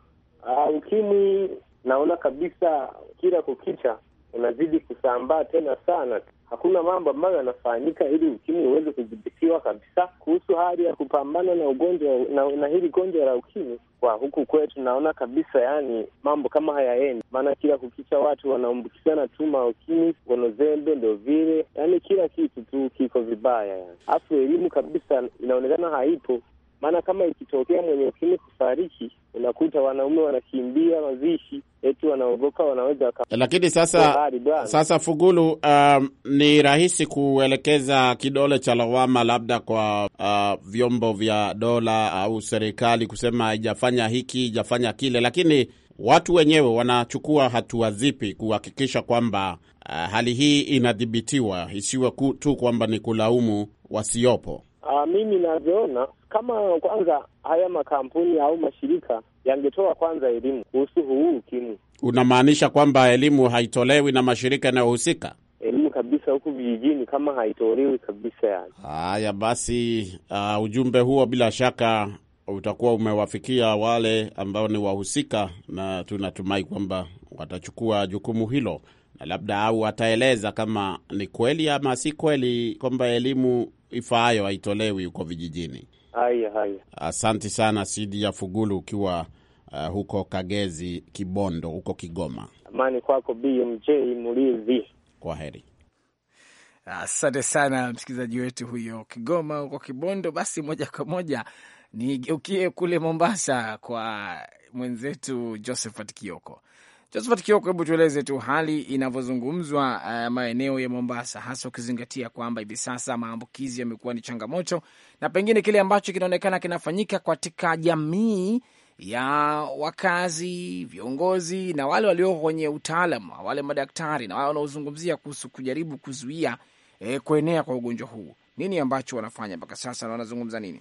Ah, ukimwi naona kabisa kila kukicha unazidi kusambaa tena sana hakuna mambo ambayo yanafanyika ili ukimwi uweze kudhibitiwa kabisa. Kuhusu hali ya kupambana na ugonjwa na, na hili gonjwa la ukimwi kwa huku kwetu, naona kabisa yani mambo kama hayaendi, maana kila kukicha watu wanaambukizana tu maukimwi, gonozembe, ndo vile yani kila kitu tu kiko vibaya, yaani. Afu elimu kabisa inaonekana haipo. Maana kama ikitokea mwenye ukimwi kufariki, unakuta wanaume wanakimbia mazishi, eti wanaogoka wanaweza waka. Lakini sasa sasa, Fugulu, um, ni rahisi kuelekeza kidole cha lawama labda kwa uh, vyombo vya dola au serikali kusema haijafanya hiki, haijafanya kile, lakini watu wenyewe wanachukua hatua zipi kuhakikisha kwamba uh, hali hii inadhibitiwa, isiwe tu kwamba ni kulaumu wasiopo? Uh, mimi navyoona kama kwanza haya makampuni au mashirika yangetoa kwanza elimu kuhusu huu ukimwi. Unamaanisha kwamba elimu haitolewi na mashirika yanayohusika? Elimu kabisa huku vijijini kama haitolewi kabisa yani. Haya basi, uh, ujumbe huo bila shaka utakuwa umewafikia wale ambao ni wahusika, na tunatumai kwamba watachukua jukumu hilo na labda au ataeleza kama ni kweli ama si kweli kwamba elimu ifaayo haitolewi huko vijijini. Haya, haya, asante sana Sidi ya Fugulu ukiwa uh, huko Kagezi, Kibondo huko Kigoma. Amani kwako BMJ mulizi kwa heri. Asante sana msikilizaji wetu huyo Kigoma huko Kibondo. Basi moja kwa moja nigeukie kule Mombasa kwa mwenzetu Josephat Kioko. Josephat Kioko, hebu tueleze tu hali inavyozungumzwa uh, maeneo ya Mombasa, hasa ukizingatia kwamba hivi sasa maambukizi yamekuwa ni changamoto na pengine kile ambacho kinaonekana kinafanyika katika jamii ya wakazi, viongozi na wale walio kwenye utaalam, wale madaktari na wale wanaozungumzia kuhusu kujaribu kuzuia eh, kuenea kwa ugonjwa huu. Nini ambacho wanafanya mpaka sasa na wanazungumza nini?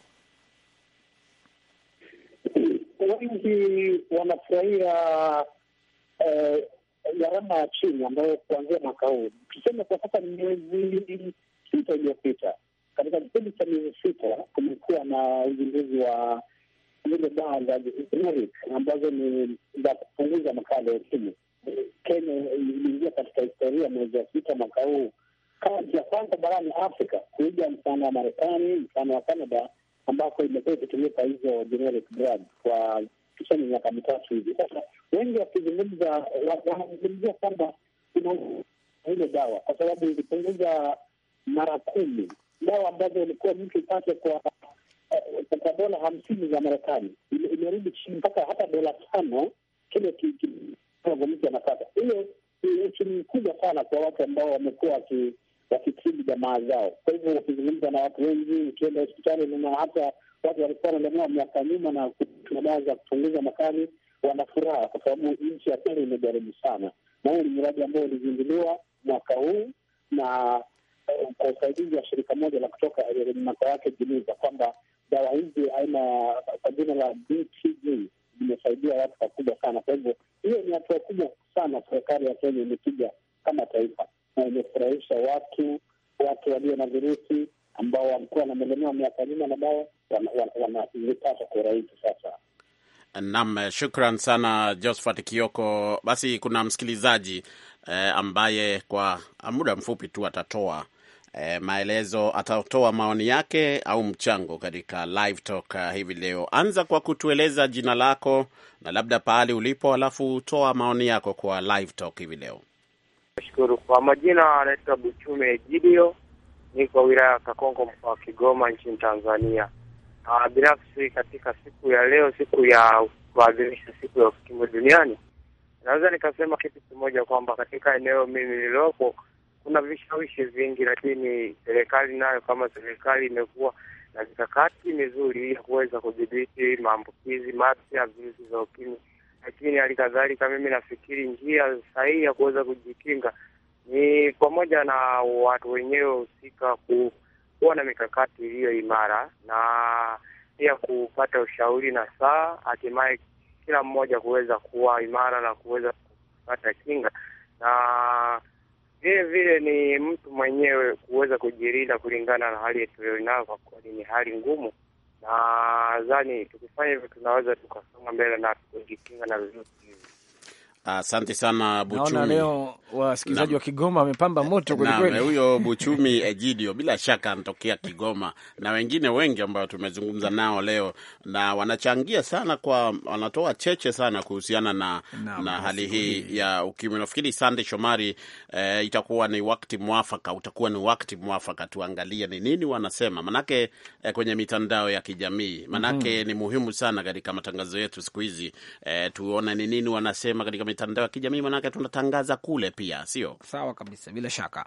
Wengi wanafurahia gharama eh, ya chini ambayo kuanzia mwaka huu tuseme, kwa sasa ni miezi sita iliyopita, katika kipindi cha miezi sita kumekuwa na uzinduzi wa zile dawa za ambazo ni za kupunguza makali ya ukimwi. Kenya iliingia katika historia mwezi wa sita mwaka huu kama nchi ya kwanza barani Afrika kuiga mfano wa Marekani, mfano wa Canada ambako imekuwa ikitumika hizo generic kwa tuseme miaka mitatu hivi. Sasa wengi wakizungumza, wanazungumzia kwamba kuna ile dawa, kwa sababu ilipunguza mara kumi dawa ambazo ilikuwa mtu upate kwa eh, kwa dola hamsini za Marekani imerudi chini mpaka hata dola tano kile kidogo mtu anapata. Hiyo uchumi mkubwa sana kwa watu ambao wamekuwa wakitibu jamaa zao. Kwa hivyo wakizungumza na watu wengi, ukienda hospitali, unaona hata watu walikuwa wanalemea miaka nyuma na kutumia dawa za kupunguza makali, wana furaha kwa sababu nchi ya Kenya imejaribu sana, na hiyo ni miradi ambayo ilizinduliwa mwaka huu na eh, kwa usaidizi wa shirika moja la kutoka eh, lenye makao yake Jiniza, kwamba dawa hizi aina kwa jina la BTG zimesaidia watu pakubwa sana. Kwa hivyo hiyo ni hatua kubwa sana serikali ya Kenya imepiga kama taifa, na imefurahisha watu watu walio na virusi ambao walikuwa wanamelemewa miaka nyuma na bao wanazipata kwa urahisi sasa. Naam, shukran sana Josphat Kioko. Basi kuna msikilizaji eh, ambaye kwa muda mfupi tu atatoa eh, maelezo, atatoa maoni yake au mchango katika live talk eh, hivi leo. Anza kwa kutueleza jina lako na labda pahali ulipo, alafu toa maoni yako kwa live talk hivi leo. Nashukuru kwa majina, anaitwa Buchume Egidio niko wilaya ya Kakonko mkoa wa Kigoma nchini Tanzania. Uh, binafsi katika siku ya leo, siku ya kuadhimisha siku ya ukimwi duniani, naweza nikasema kitu kimoja kwamba katika eneo mimi nililopo kuna vishawishi vingi, lakini serikali nayo kama serikali imekuwa na mikakati mizuri ya kuweza kudhibiti maambukizi mapya ya virusi vya ukimwi, lakini hali kadhalika mimi nafikiri njia sahihi ya kuweza kujikinga ni pamoja na watu wenyewe husika kuwa na mikakati iliyo imara na pia kupata ushauri na saa, hatimaye kila mmoja kuweza kuwa imara na kuweza kupata kinga, na vile vile ni mtu mwenyewe kuweza kujirinda kulingana na hali tulionayo, kwa kweli ni hali ngumu. na Nadhani tukifanya hivyo tunaweza tukasonga mbele na tukajikinga na virusi hivi. Asante uh, sana Buchumi. Naona leo wasikilizaji wa Kigoma wamepamba moto kweli kweli. Huyo Buchumi Ejidio bila shaka anatokea Kigoma na wengine wengi ambao tumezungumza nao leo, na wanachangia sana kwa, wanatoa cheche sana kuhusiana na, na, na hali hii ya ukimwi. Nafikiri Sande Shomari, eh, itakuwa ni wakati mwafaka, utakuwa ni wakati mwafaka tuangalie ni nini wanasema manake, eh, kwenye mitandao ya kijamii manake, mm -hmm. ni muhimu sana katika matangazo yetu siku hizi, eh, tuone ni nini wanasema katika mitandao ya kijamii, manake tunatangaza kule pia, sio sawa kabisa, bila shaka.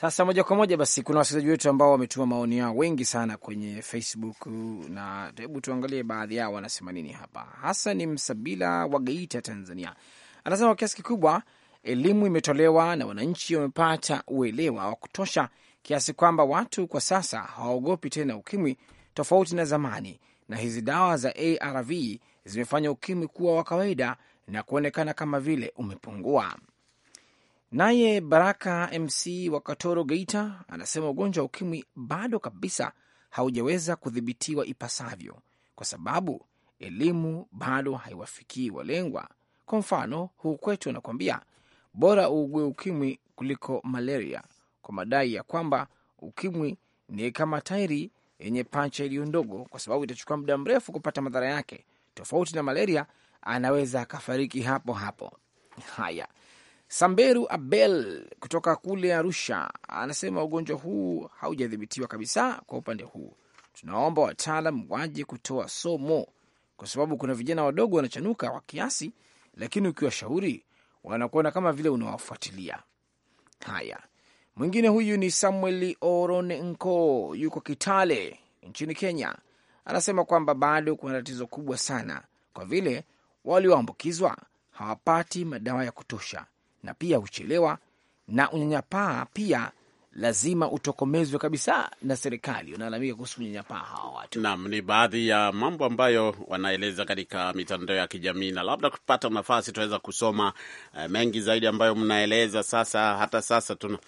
Sasa moja kwa moja basi, kuna wasikilizaji wetu ambao wametuma maoni yao wengi sana kwenye Facebook, na hebu tuangalie baadhi yao wanasema nini hapa. Hasani Msabila wa Geita, Tanzania, anasema kwa kiasi kikubwa elimu imetolewa na wananchi wamepata uelewa wa kutosha kiasi kwamba watu kwa sasa hawaogopi tena ukimwi tofauti na zamani, na hizi dawa za ARV zimefanya ukimwi kuwa wa kawaida na kuonekana kama vile umepungua. Naye Baraka MC wa Katoro, Geita, anasema ugonjwa wa ukimwi bado kabisa haujaweza kudhibitiwa ipasavyo kwa sababu elimu bado haiwafikii walengwa. Kwa mfano, huu kwetu anakuambia bora uugue ukimwi kuliko malaria, kwa madai ya kwamba ukimwi ni kama tairi yenye pancha iliyo ndogo, kwa sababu itachukua muda mrefu kupata madhara yake, tofauti na malaria anaweza akafariki hapo hapo. Haya, Samberu Abel kutoka kule Arusha anasema ugonjwa huu haujadhibitiwa kabisa. Kwa upande huu, tunaomba wataalam waje kutoa somo, kwa sababu kuna vijana wadogo wanachanuka kwa kiasi, lakini ukiwashauri wanakuona kama vile unawafuatilia. Haya, mwingine huyu ni Samuel Orone Nko, yuko Kitale nchini Kenya, anasema kwamba bado kuna tatizo kubwa sana, kwa vile walioambukizwa hawapati madawa ya kutosha na pia huchelewa, na unyanyapaa pia lazima utokomezwe kabisa na serikali. Unalalamika kuhusu unyanyapaa hawa watu. Naam, ni baadhi ya mambo ambayo wanaeleza katika mitandao ya kijamii, na labda kupata nafasi tunaweza kusoma eh, mengi zaidi ambayo mnaeleza sasa. Hata sasa tuna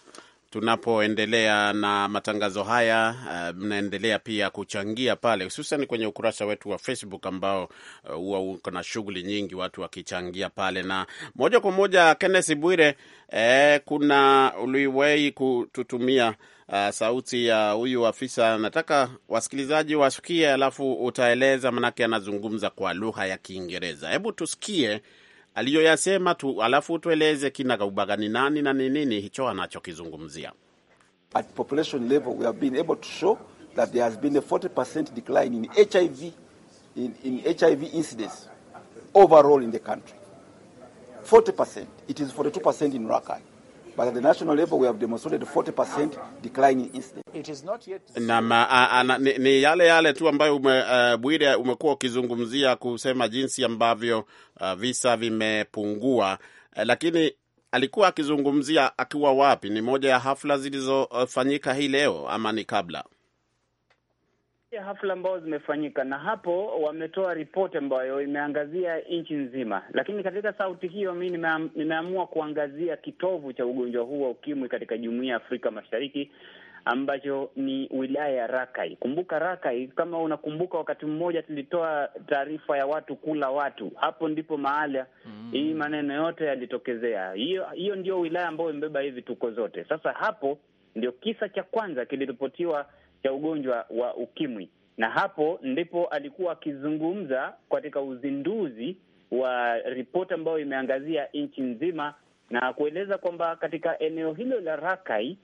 tunapoendelea na matangazo haya, eh, mnaendelea pia kuchangia pale, hususan kwenye ukurasa wetu wa Facebook ambao eh, huwa uh, uko na shughuli nyingi, watu wakichangia pale na moja kwa moja. Kennes Bwire, eh, kuna uliwei kututumia uh, sauti ya uh, huyu afisa. Nataka wasikilizaji wasikie, alafu utaeleza, manake anazungumza kwa lugha ya Kiingereza. Hebu tusikie aliyoyasema tu, alafu tueleze kina Kaubaga ni nani na ni nini hicho anachokizungumzia. At population level we have been able to show that there has been a 40% decline in HIV in, in HIV incidence overall in the country. 40%. It is 42% in Rakai ni yale yale tu ambayo ume, uh, Bwire umekuwa ukizungumzia kusema jinsi ambavyo uh, visa vimepungua uh, lakini alikuwa akizungumzia akiwa wapi? Ni moja ya hafla zilizofanyika hii leo ama ni kabla? hafla ambazo zimefanyika na hapo wametoa ripoti ambayo imeangazia nchi nzima, lakini katika sauti hiyo mi nimeamua kuangazia kitovu cha ugonjwa huu wa ukimwi katika jumuiya ya Afrika Mashariki ambacho ni wilaya ya Rakai. Kumbuka Rakai, kama unakumbuka, wakati mmoja tulitoa taarifa ya watu kula watu, hapo ndipo mahala mm hii maneno yote yalitokezea. Hiyo hiyo ndio wilaya ambayo imebeba hivi tuko zote. Sasa hapo ndio kisa cha kwanza kiliripotiwa cha ugonjwa wa ukimwi, na hapo ndipo alikuwa akizungumza katika uzinduzi wa ripoti ambayo imeangazia nchi nzima na kueleza kwamba katika eneo hilo la Rakai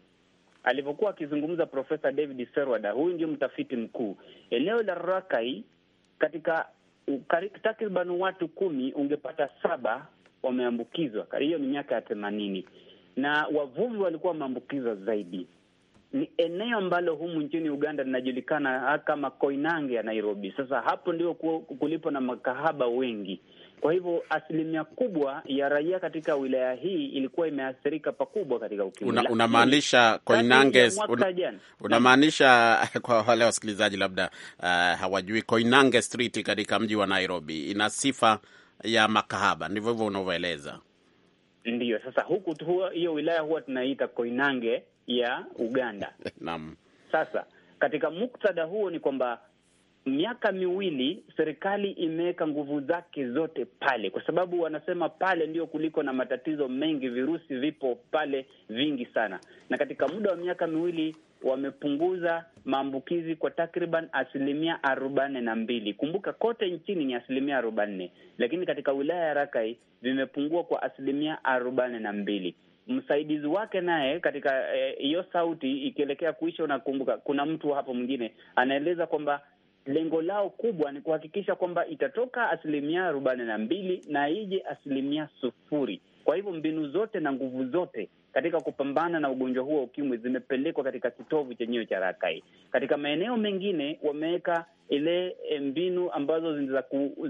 alivyokuwa akizungumza Profesa David Serwada, huyu ndio mtafiti mkuu eneo la Rakai, katika takriban watu kumi ungepata saba wameambukizwa. Hiyo ni miaka ya themanini, na wavuvi walikuwa wameambukizwa zaidi ni eneo ambalo humu nchini Uganda linajulikana kama Koinange ya Nairobi. Sasa hapo ndio kulipo na makahaba wengi, kwa hivyo asilimia kubwa ya raia katika wilaya hii ilikuwa imeathirika pakubwa katika ukimwi. Unamaanisha Koinange? Unamaanisha kwa wale wasikilizaji labda uh, hawajui Koinange Street katika mji wa Nairobi ina sifa ya makahaba, ndivyo hivyo unavyoeleza? Ndiyo. Sasa huku hiyo wilaya huwa tunaita Koinange ya Uganda. Naam. Sasa katika muktadha huo ni kwamba miaka miwili serikali imeweka nguvu zake zote pale, kwa sababu wanasema pale ndio kuliko na matatizo mengi, virusi vipo pale vingi sana, na katika muda wa miaka miwili wamepunguza maambukizi kwa takriban asilimia arobaini na mbili. Kumbuka kote nchini ni asilimia arobaini, lakini katika wilaya ya Rakai vimepungua kwa asilimia arobaini na mbili msaidizi wake naye katika eh, hiyo e, sauti ikielekea kuisha, unakumbuka kuna mtu hapo mwingine anaeleza kwamba lengo lao kubwa ni kuhakikisha kwamba itatoka asilimia arobaini na mbili na ije asilimia sufuri. Kwa hivyo mbinu zote na nguvu zote katika kupambana na ugonjwa huo wa ukimwi zimepelekwa katika kitovu chenyewe cha Rakai. Katika maeneo mengine wameweka ile eh, mbinu ambazo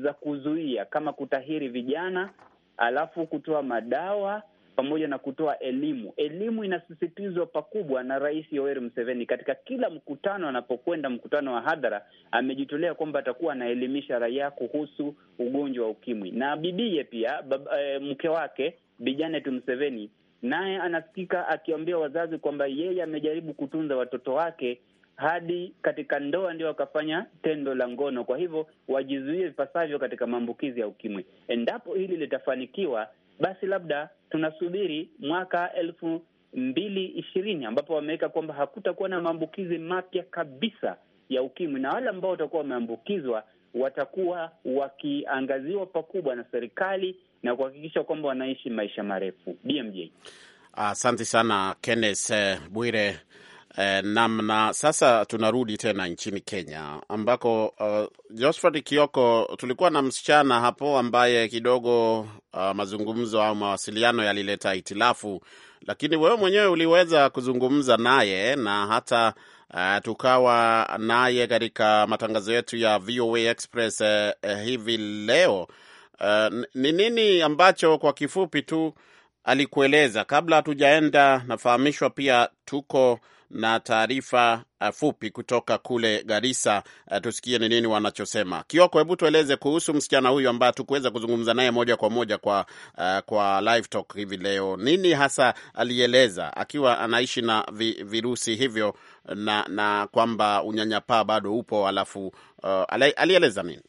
za kuzuia kama kutahiri vijana, alafu kutoa madawa pamoja na kutoa elimu. Elimu inasisitizwa pakubwa na Rais Yoweri Museveni katika kila mkutano. Anapokwenda mkutano wa hadhara, amejitolea kwamba atakuwa anaelimisha raia kuhusu ugonjwa wa ukimwi, na bibiye pia baba, e, eh, mke wake Bi Janet Museveni naye anasikika akiambia wazazi kwamba yeye amejaribu kutunza watoto wake hadi katika ndoa ndio wakafanya tendo la ngono. Kwa hivyo wajizuie vipasavyo katika maambukizi ya ukimwi. Endapo hili litafanikiwa, basi labda tunasubiri mwaka elfu mbili ishirini ambapo wameweka kwamba hakutakuwa na maambukizi mapya kabisa ya ukimwi, na wale ambao watakuwa wameambukizwa watakuwa wakiangaziwa pakubwa na serikali na kuhakikisha kwamba wanaishi maisha marefu. BMJ. Asante sana Kenneth eh, Bwire eh, namna. Sasa tunarudi tena nchini Kenya ambako uh, Josphat Kioko, tulikuwa na msichana hapo ambaye kidogo uh, mazungumzo au mawasiliano yalileta hitilafu, lakini wewe mwenyewe uliweza kuzungumza naye na hata Uh, tukawa naye katika matangazo yetu ya VOA Express uh, uh, hivi leo. Ni nini ambacho kwa kifupi tu alikueleza kabla hatujaenda? Nafahamishwa pia tuko na taarifa eh, fupi kutoka kule Garissa. Eh, tusikie ni nini wanachosema. Kioko, hebu tueleze kuhusu msichana huyu ambaye tukuweza kuzungumza naye moja kwa moja kwa, uh, kwa live talk hivi leo. Nini hasa alieleza akiwa anaishi na vi, virusi hivyo na, na kwamba unyanyapaa bado upo, alafu uh, alieleza nini?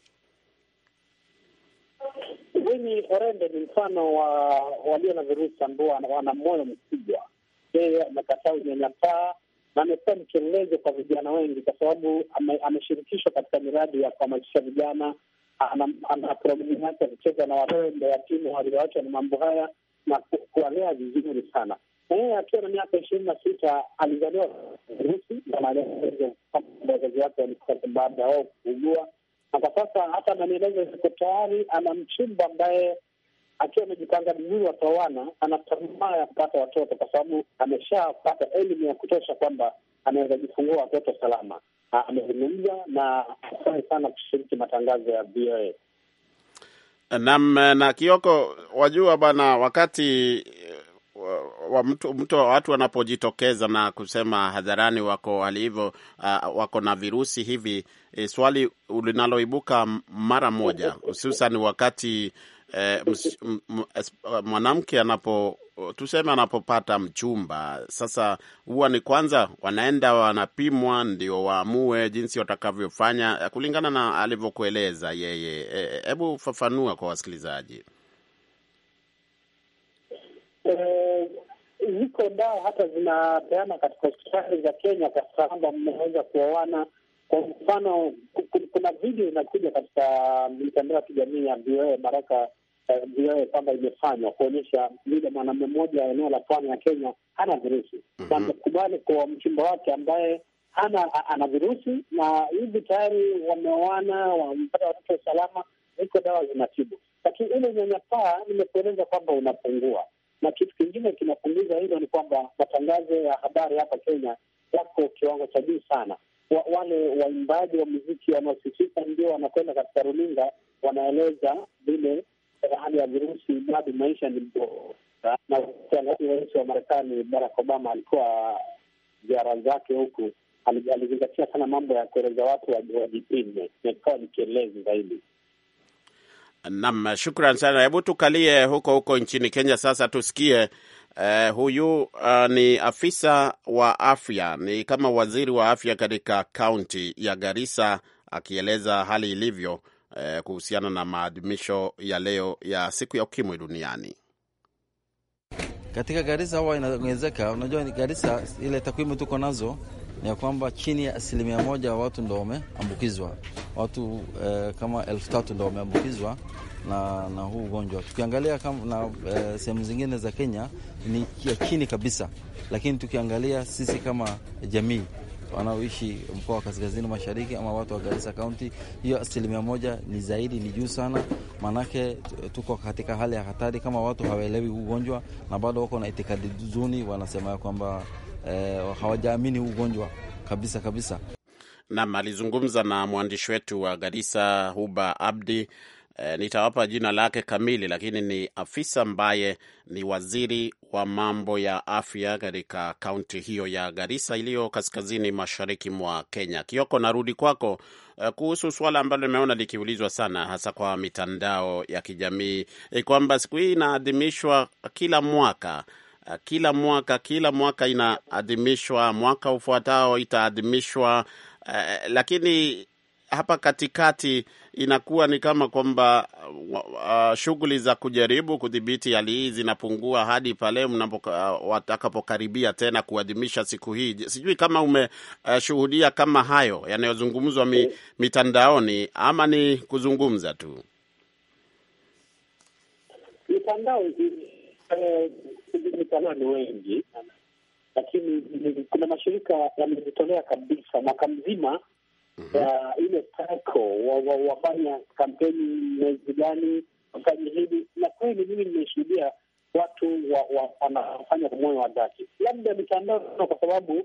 Winnie Orende ni mfano wa walio na virusi ambao wana moyo mkubwa. Yeye amekataa unyanyapaa na amekuwa ni kielelezo kwa vijana wengi, kwa sababu ameshirikishwa katika miradi ya kuhamasisha vijana. Ana programu yake akicheza na warembo ya timu walioachwa na mambo haya na kuwalea vizuri sana. Yeye akiwa na miaka ishirini na sita alizaliwa Urusi na maelezo wazazi wake walikufa baada wao kuugua, na kwa sasa hata na maelezo yuko tayari ana mchumba ambaye akiwa amejipanga vizuri watawana, ana tamaa ya kupata watoto, kwa sababu ameshapata elimu ya kutosha kwamba anaweza jifungua watoto salama. Amezungumza na afurahi sana kushiriki matangazo ya VOA. Naam, na Kioko, wajua bana, wakati eh, wa mtu, mtu watu wanapojitokeza na kusema hadharani wako hali hivyo, uh, wako na virusi hivi, e, swali linaloibuka mara moja hususan wakati Eh, eh, mwanamke anapo tuseme anapopata mchumba sasa, huwa ni kwanza wanaenda wanapimwa, ndio waamue jinsi watakavyofanya eh, kulingana na alivyokueleza yeye. Eh, hebu e, fafanua kwa wasikilizaji. E, ziko dawa hata zinapeana katika hospitali za Kenya katika kwamba mmeweza kuoana. Kwa mfano, kuna video inakuja katika mitandao ya kijamii ya VOA Baraka vioe eh, kwamba imefanywa kuonyesha vile mwanaume mmoja wa eneo la pwani ya Kenya hana virusi mhm. na amekubali kwa mchumba wake ambaye hana ana virusi, na hivi tayari wameoana, wamepata watoto salama, iko dawa zinatibu, lakini ile unyanyapaa nimekueleza kwamba unapungua. Na kitu kingine kinapunguza hilo ni kwamba matangazo ya habari hapa Kenya yako kiwango cha juu sana. Wa, wale waimbaji wa muziki wanaosikika ndio wanakwenda katika runinga, wanaeleza vile hali ya virusi bado maisha ni bora, rais wa Marekani Barack Obama alikuwa ziara zake huku alizingatia sana mambo ya kueleza watu wajipime, ni kielezi zaidi. Naam, shukran sana. Hebu tukalie huko huko nchini Kenya sasa, tusikie Uh, huyu uh, ni afisa wa afya, ni kama waziri wa afya katika kaunti ya Garissa akieleza hali ilivyo eh, kuhusiana na maadhimisho ya leo ya siku ya ukimwi duniani. Katika garisa huwa inaongezeka. Unajua, garisa ile takwimu tuko nazo ni ya kwamba chini ya asilimia moja watu ndo wameambukizwa watu eh, kama elfu tatu ndo wameambukizwa na, na huu ugonjwa. Tukiangalia na eh, sehemu zingine za Kenya ni ya chini kabisa, lakini tukiangalia sisi kama jamii wanaoishi mkoa wa kaskazini mashariki ama watu wa Garissa kaunti hiyo asilimia moja ni zaidi, ni juu sana, maanake tuko katika hali ya hatari. Kama watu hawaelewi ugonjwa na bado wako na itikadi zuni, wanasema ya kwamba eh, hawajaamini ugonjwa kabisa kabisa. Nam alizungumza na mwandishi wetu wa Garissa Huba Abdi e, nitawapa jina lake kamili, lakini ni afisa ambaye ni waziri wa mambo ya afya katika kaunti hiyo ya Garissa iliyo kaskazini mashariki mwa Kenya. Kioko, narudi kwako eh, kuhusu suala ambalo nimeona likiulizwa sana hasa kwa mitandao ya kijamii kwamba siku hii inaadhimishwa kila mwaka eh, kila mwaka kila mwaka inaadhimishwa, mwaka ufuatao itaadhimishwa, eh, lakini hapa katikati inakuwa ni kama kwamba uh, uh, shughuli za kujaribu kudhibiti hali hii zinapungua hadi pale uh, watakapokaribia tena kuadhimisha siku hii. Sijui kama umeshuhudia uh, kama hayo yanayozungumzwa mi, mitandaoni ama ni kuzungumza tu mitandao eh, mitandaoni wengi, lakini kuna mashirika yamejitolea kabisa mwaka mzima Mm-hmm. ya ile wafanya kampeni mwezi gani, wafanye hivi. Na kweli mimi nimeshuhudia watu wanafanya kwa moyo wa dhati, labda mitandao, kwa sababu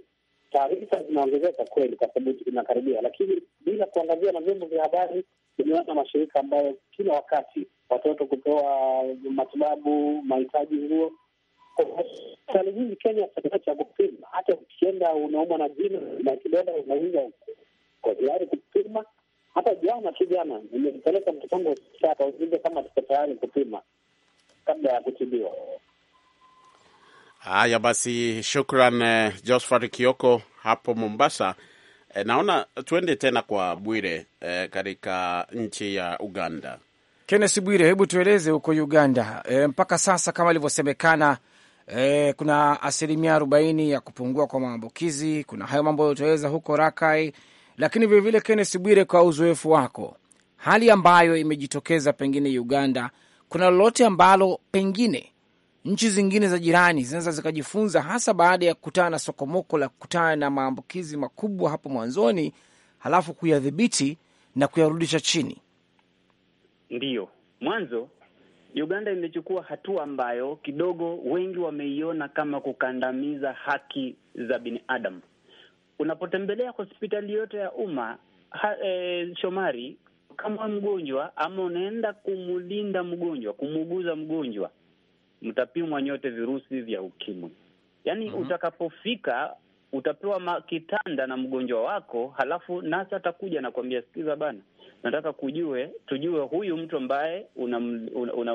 taarifa zinaongezeka kweli, kwa sababu inakaribia, lakini bila kuangazia na vyombo vya habari, imeona mashirika ambayo kila wakati watoto kupewa matibabu, mahitaji, nguo Serikali hizi Kenya cha kupima, hata ukienda unaumwa na jino na kidonda, unaingia hospitali yaani kupima kabla ya kutibiwa. Haya basi, shukran eh, Josphat Kioko hapo Mombasa. Eh, naona tuende tena kwa Bwire eh, katika nchi ya Uganda. kennes Bwire, hebu tueleze huko Uganda eh, mpaka sasa kama ilivyosemekana eh, kuna asilimia arobaini ya kupungua kwa maambukizi. Kuna hayo mambo yaliyotueleza huko Rakai, lakini vilevile kennes Bwire, kwa uzoefu wako hali ambayo imejitokeza pengine Uganda, kuna lolote ambalo pengine nchi zingine za jirani zinaweza zikajifunza, hasa baada ya kukutana na sokomoko la kukutana na maambukizi makubwa hapo mwanzoni, halafu kuyadhibiti na kuyarudisha chini? Ndiyo, mwanzo Uganda imechukua hatua ambayo kidogo wengi wameiona kama kukandamiza haki za binadamu. Unapotembelea hospitali yote ya umma e, Shomari, kama mgonjwa ama unaenda kumlinda mgonjwa, kumuuguza mgonjwa, mtapimwa nyote virusi vya ukimwi. Yaani mm -hmm. utakapofika utapewa kitanda na mgonjwa wako, halafu nasa atakuja na kuambia, sikiza bana, nataka kujue, tujue huyu mtu ambaye unamtunza una, una,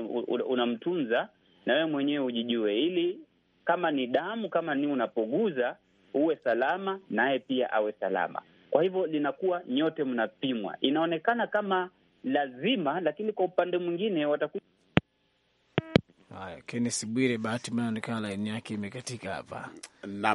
una, una na wewe mwenyewe ujijue, ili kama ni damu kama ni unapoguza uwe salama, naye pia awe salama. Kwa hivyo linakuwa nyote mnapimwa, inaonekana kama lazima, lakini kwa upande mwingine watakuwa Haya, Kenneth Bwire, bahati mbaya inaonekana laini yake imekatika hapa.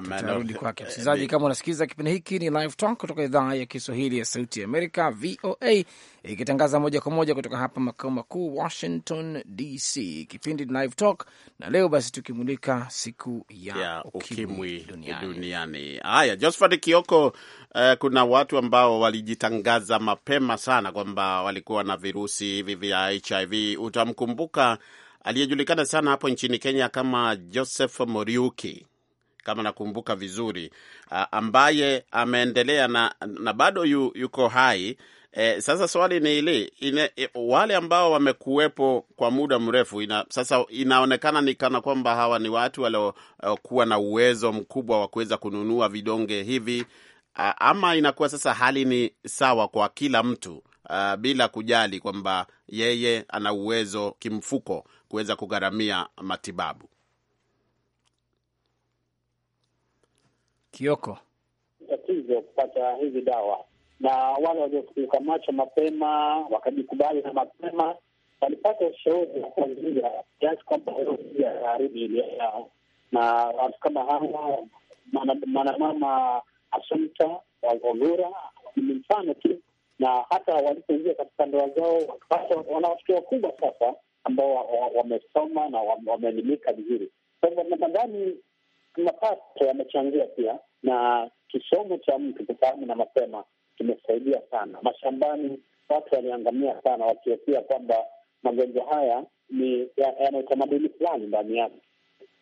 Tutarudi kwake. Msikilizaji, kama unasikiliza kipindi hiki, ni Live Talk kutoka idhaa ya Kiswahili ya Sauti ya Amerika, VOA, ikitangaza moja kwa moja kutoka hapa makao makuu Washington DC. Kipindi ni Live Talk na leo basi tukimulika siku ya, ya ukimwi, ukimwi duniani. Haya, Josephat Kioko, uh, kuna watu ambao walijitangaza mapema sana kwamba walikuwa na virusi hivi vya HIV. Utamkumbuka aliyejulikana sana hapo nchini Kenya kama Joseph Moriuki kama nakumbuka vizuri, ambaye ameendelea na, na bado yu, yuko hai e. Sasa swali ni hili, e, wale ambao wamekuwepo kwa muda mrefu ina, sasa inaonekana ni kana kwamba hawa ni watu waliokuwa e, na uwezo mkubwa wa kuweza kununua vidonge hivi a, ama inakuwa sasa hali ni sawa kwa kila mtu a, bila kujali kwamba yeye ana uwezo kimfuko kuweza kugharamia matibabu. Kioko, tatizo kupata hizi dawa na wale waliokiuka macho mapema wakajikubali na mapema walipata ushauri wa kuanzia kiasi kwamba haribu ili yao na watu kama hawa mwanamama Asumta Wagura ni mfano tu, na hata walipoingia katika ndoa zao watoto wakubwa sasa ambao wamesoma na wameelimika vizuri. Kwa hivyo nadhani mapato yamechangia pia, na kisomo cha mtu kufahamu na mapema kimesaidia sana. Mashambani watu waliangamia sana, wakihofia kwamba magonjwa haya ni yana utamaduni fulani ndani yake.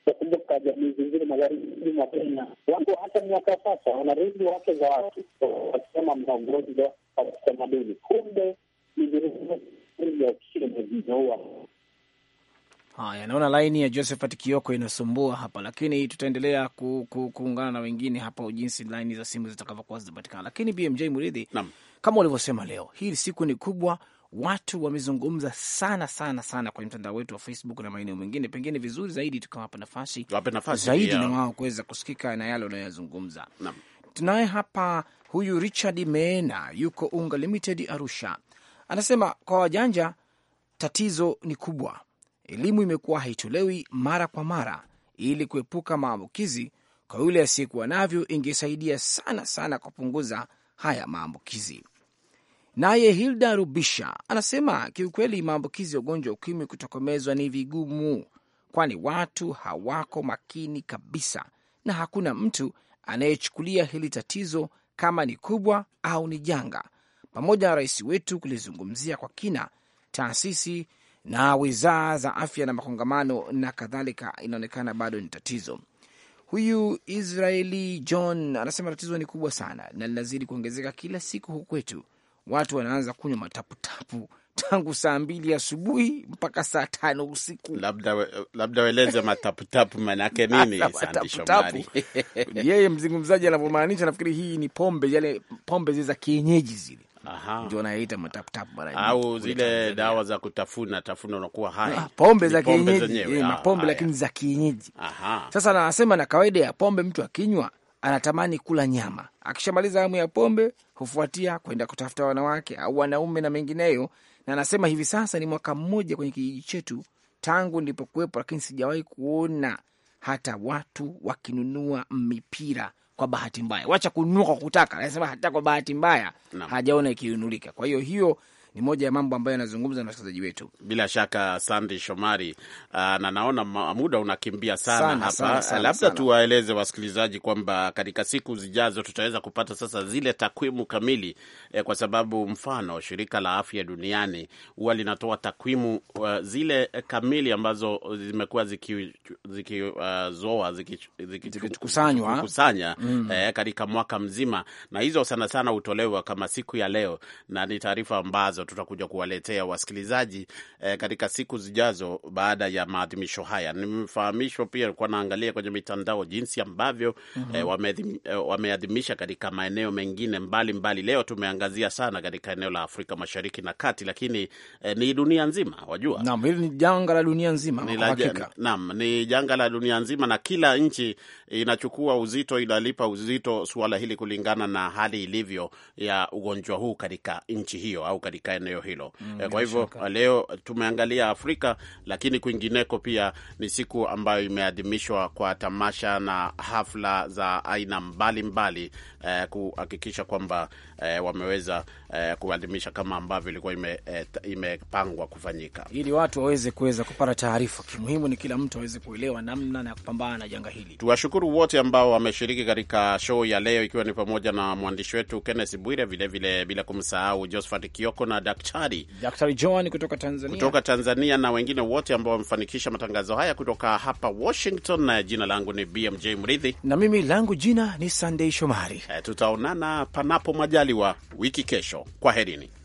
Nakumbuka jamii zingine magharibi mwa Kenya wangu hata miaka sasa wanarithi wake za watu wakisema mnaongozi wa kitamaduni, kumbe ni virusi Haya, naona laini ya Josephat Kioko inasumbua hapa, lakini tutaendelea ku, ku, kuungana na wengine hapa jinsi laini za simu zitakavyokuwa zinapatikana. Lakini BMJ Muridhi, kama ulivyosema, leo hii siku ni kubwa, watu wamezungumza sana sana sana kwenye mtandao wetu wa Facebook na maeneo mengine. Pengine vizuri zaidi tukawapa nafasi zaidi na wao kuweza kusikika na yale wanayozungumza. Tunaye hapa huyu Richard Meena, yuko Unga Limited Arusha. Anasema kwa wajanja tatizo ni kubwa, elimu imekuwa haitolewi mara kwa mara ili kuepuka maambukizi. Kwa yule asiyekuwa navyo, ingesaidia sana sana kupunguza haya maambukizi. Naye Hilda Rubisha anasema kiukweli, maambukizi ya ugonjwa wa ukimwi kutokomezwa ni vigumu, kwani watu hawako makini kabisa, na hakuna mtu anayechukulia hili tatizo kama ni kubwa au ni janga, pamoja na rais wetu kulizungumzia kwa kina taasisi na wizara za afya na makongamano na kadhalika, inaonekana bado ni tatizo. Huyu Israeli John anasema tatizo ni kubwa sana na linazidi kuongezeka kila siku. Huku kwetu watu wanaanza kunywa mataputapu tangu saa mbili asubuhi mpaka saa tano usiku. Labda, labda weleze mataputapu manake nini? Sandi yeye mzungumzaji anavyomaanisha, nafikiri hii ni pombe, yale pombe zile za kienyeji zile ndio anaita mataptap mara au zile dawa za kutafuna tafuna, unakuwa hai ah, pombe za kienyeji eh, ah, lakini za kienyeji. Sasa anasema na kawaida ya pombe mtu akinywa anatamani kula nyama, akishamaliza amu ya pombe hufuatia kwenda kutafuta wanawake au wanaume na mengineyo. Na anasema hivi sasa ni mwaka mmoja kwenye kijiji chetu tangu nilipokuwepo, lakini sijawahi kuona hata watu wakinunua mipira kwa bahati mbaya, wacha kununua kwa kutaka, anasema hata kwa bahati mbaya hajaona ikiinulika. Kwa hiyo hiyo ni moja ya mambo ambayo yanazungumza na wasikilizaji wetu. Bila shaka, Sandi Shomari. Uh, na naona muda unakimbia sana, sana hapa sana, labda tuwaeleze wasikilizaji kwamba katika siku zijazo tutaweza kupata sasa zile takwimu kamili eh, kwa sababu mfano shirika la afya duniani huwa linatoa takwimu uh, zile eh, kamili ambazo zimekuwa zikizoa ziki, uh, zikikusanywa ziki, ziki mm. eh, katika mwaka mzima, na hizo sana sana hutolewa kama siku ya leo, na ni taarifa ambazo tutakuja kuwaletea wasikilizaji e, katika siku zijazo baada ya maadhimisho haya. Nimefahamishwa pia, nilikuwa naangalia kwenye mitandao jinsi ambavyo mm -hmm. e, wameadhimisha katika maeneo mengine mbalimbali mbali. Leo tumeangazia sana katika eneo la Afrika Mashariki na Kati, lakini e, ni dunia nzima wajua. Naam, hili ni janga la dunia nzima ni la, naam, ni janga la dunia nzima na kila nchi inachukua uzito, inalipa uzito suala hili kulingana na hali ilivyo ya ugonjwa huu katika nchi hiyo au katika eneo hilo mm. Eh, kwa hivyo leo tumeangalia Afrika, lakini kwingineko pia ni siku ambayo imeadhimishwa kwa tamasha na hafla za aina mbalimbali mbali, eh, kuhakikisha kwamba eh, wameweza eh, kuadhimisha kama ambavyo ilikuwa imepangwa eh, imepangwa kufanyika ili watu waweze kuweza kupata taarifa. Kimuhimu ni kila mtu aweze kuelewa namna na kupambana na janga hili. Tuwashukuru wote ambao wameshiriki katika show ya leo, ikiwa ni pamoja na mwandishi wetu Kenneth Bwire, vilevile bila kumsahau Josephat Kioko na daktari Daktari Joan kutoka Tanzania, kutoka Tanzania na wengine wote ambao wamefanikisha matangazo haya kutoka hapa Washington. Na jina langu ni BMJ Mridhi, na mimi langu jina ni Sunday Shomari. Eh, tutaonana panapo majaliwa wiki kesho. com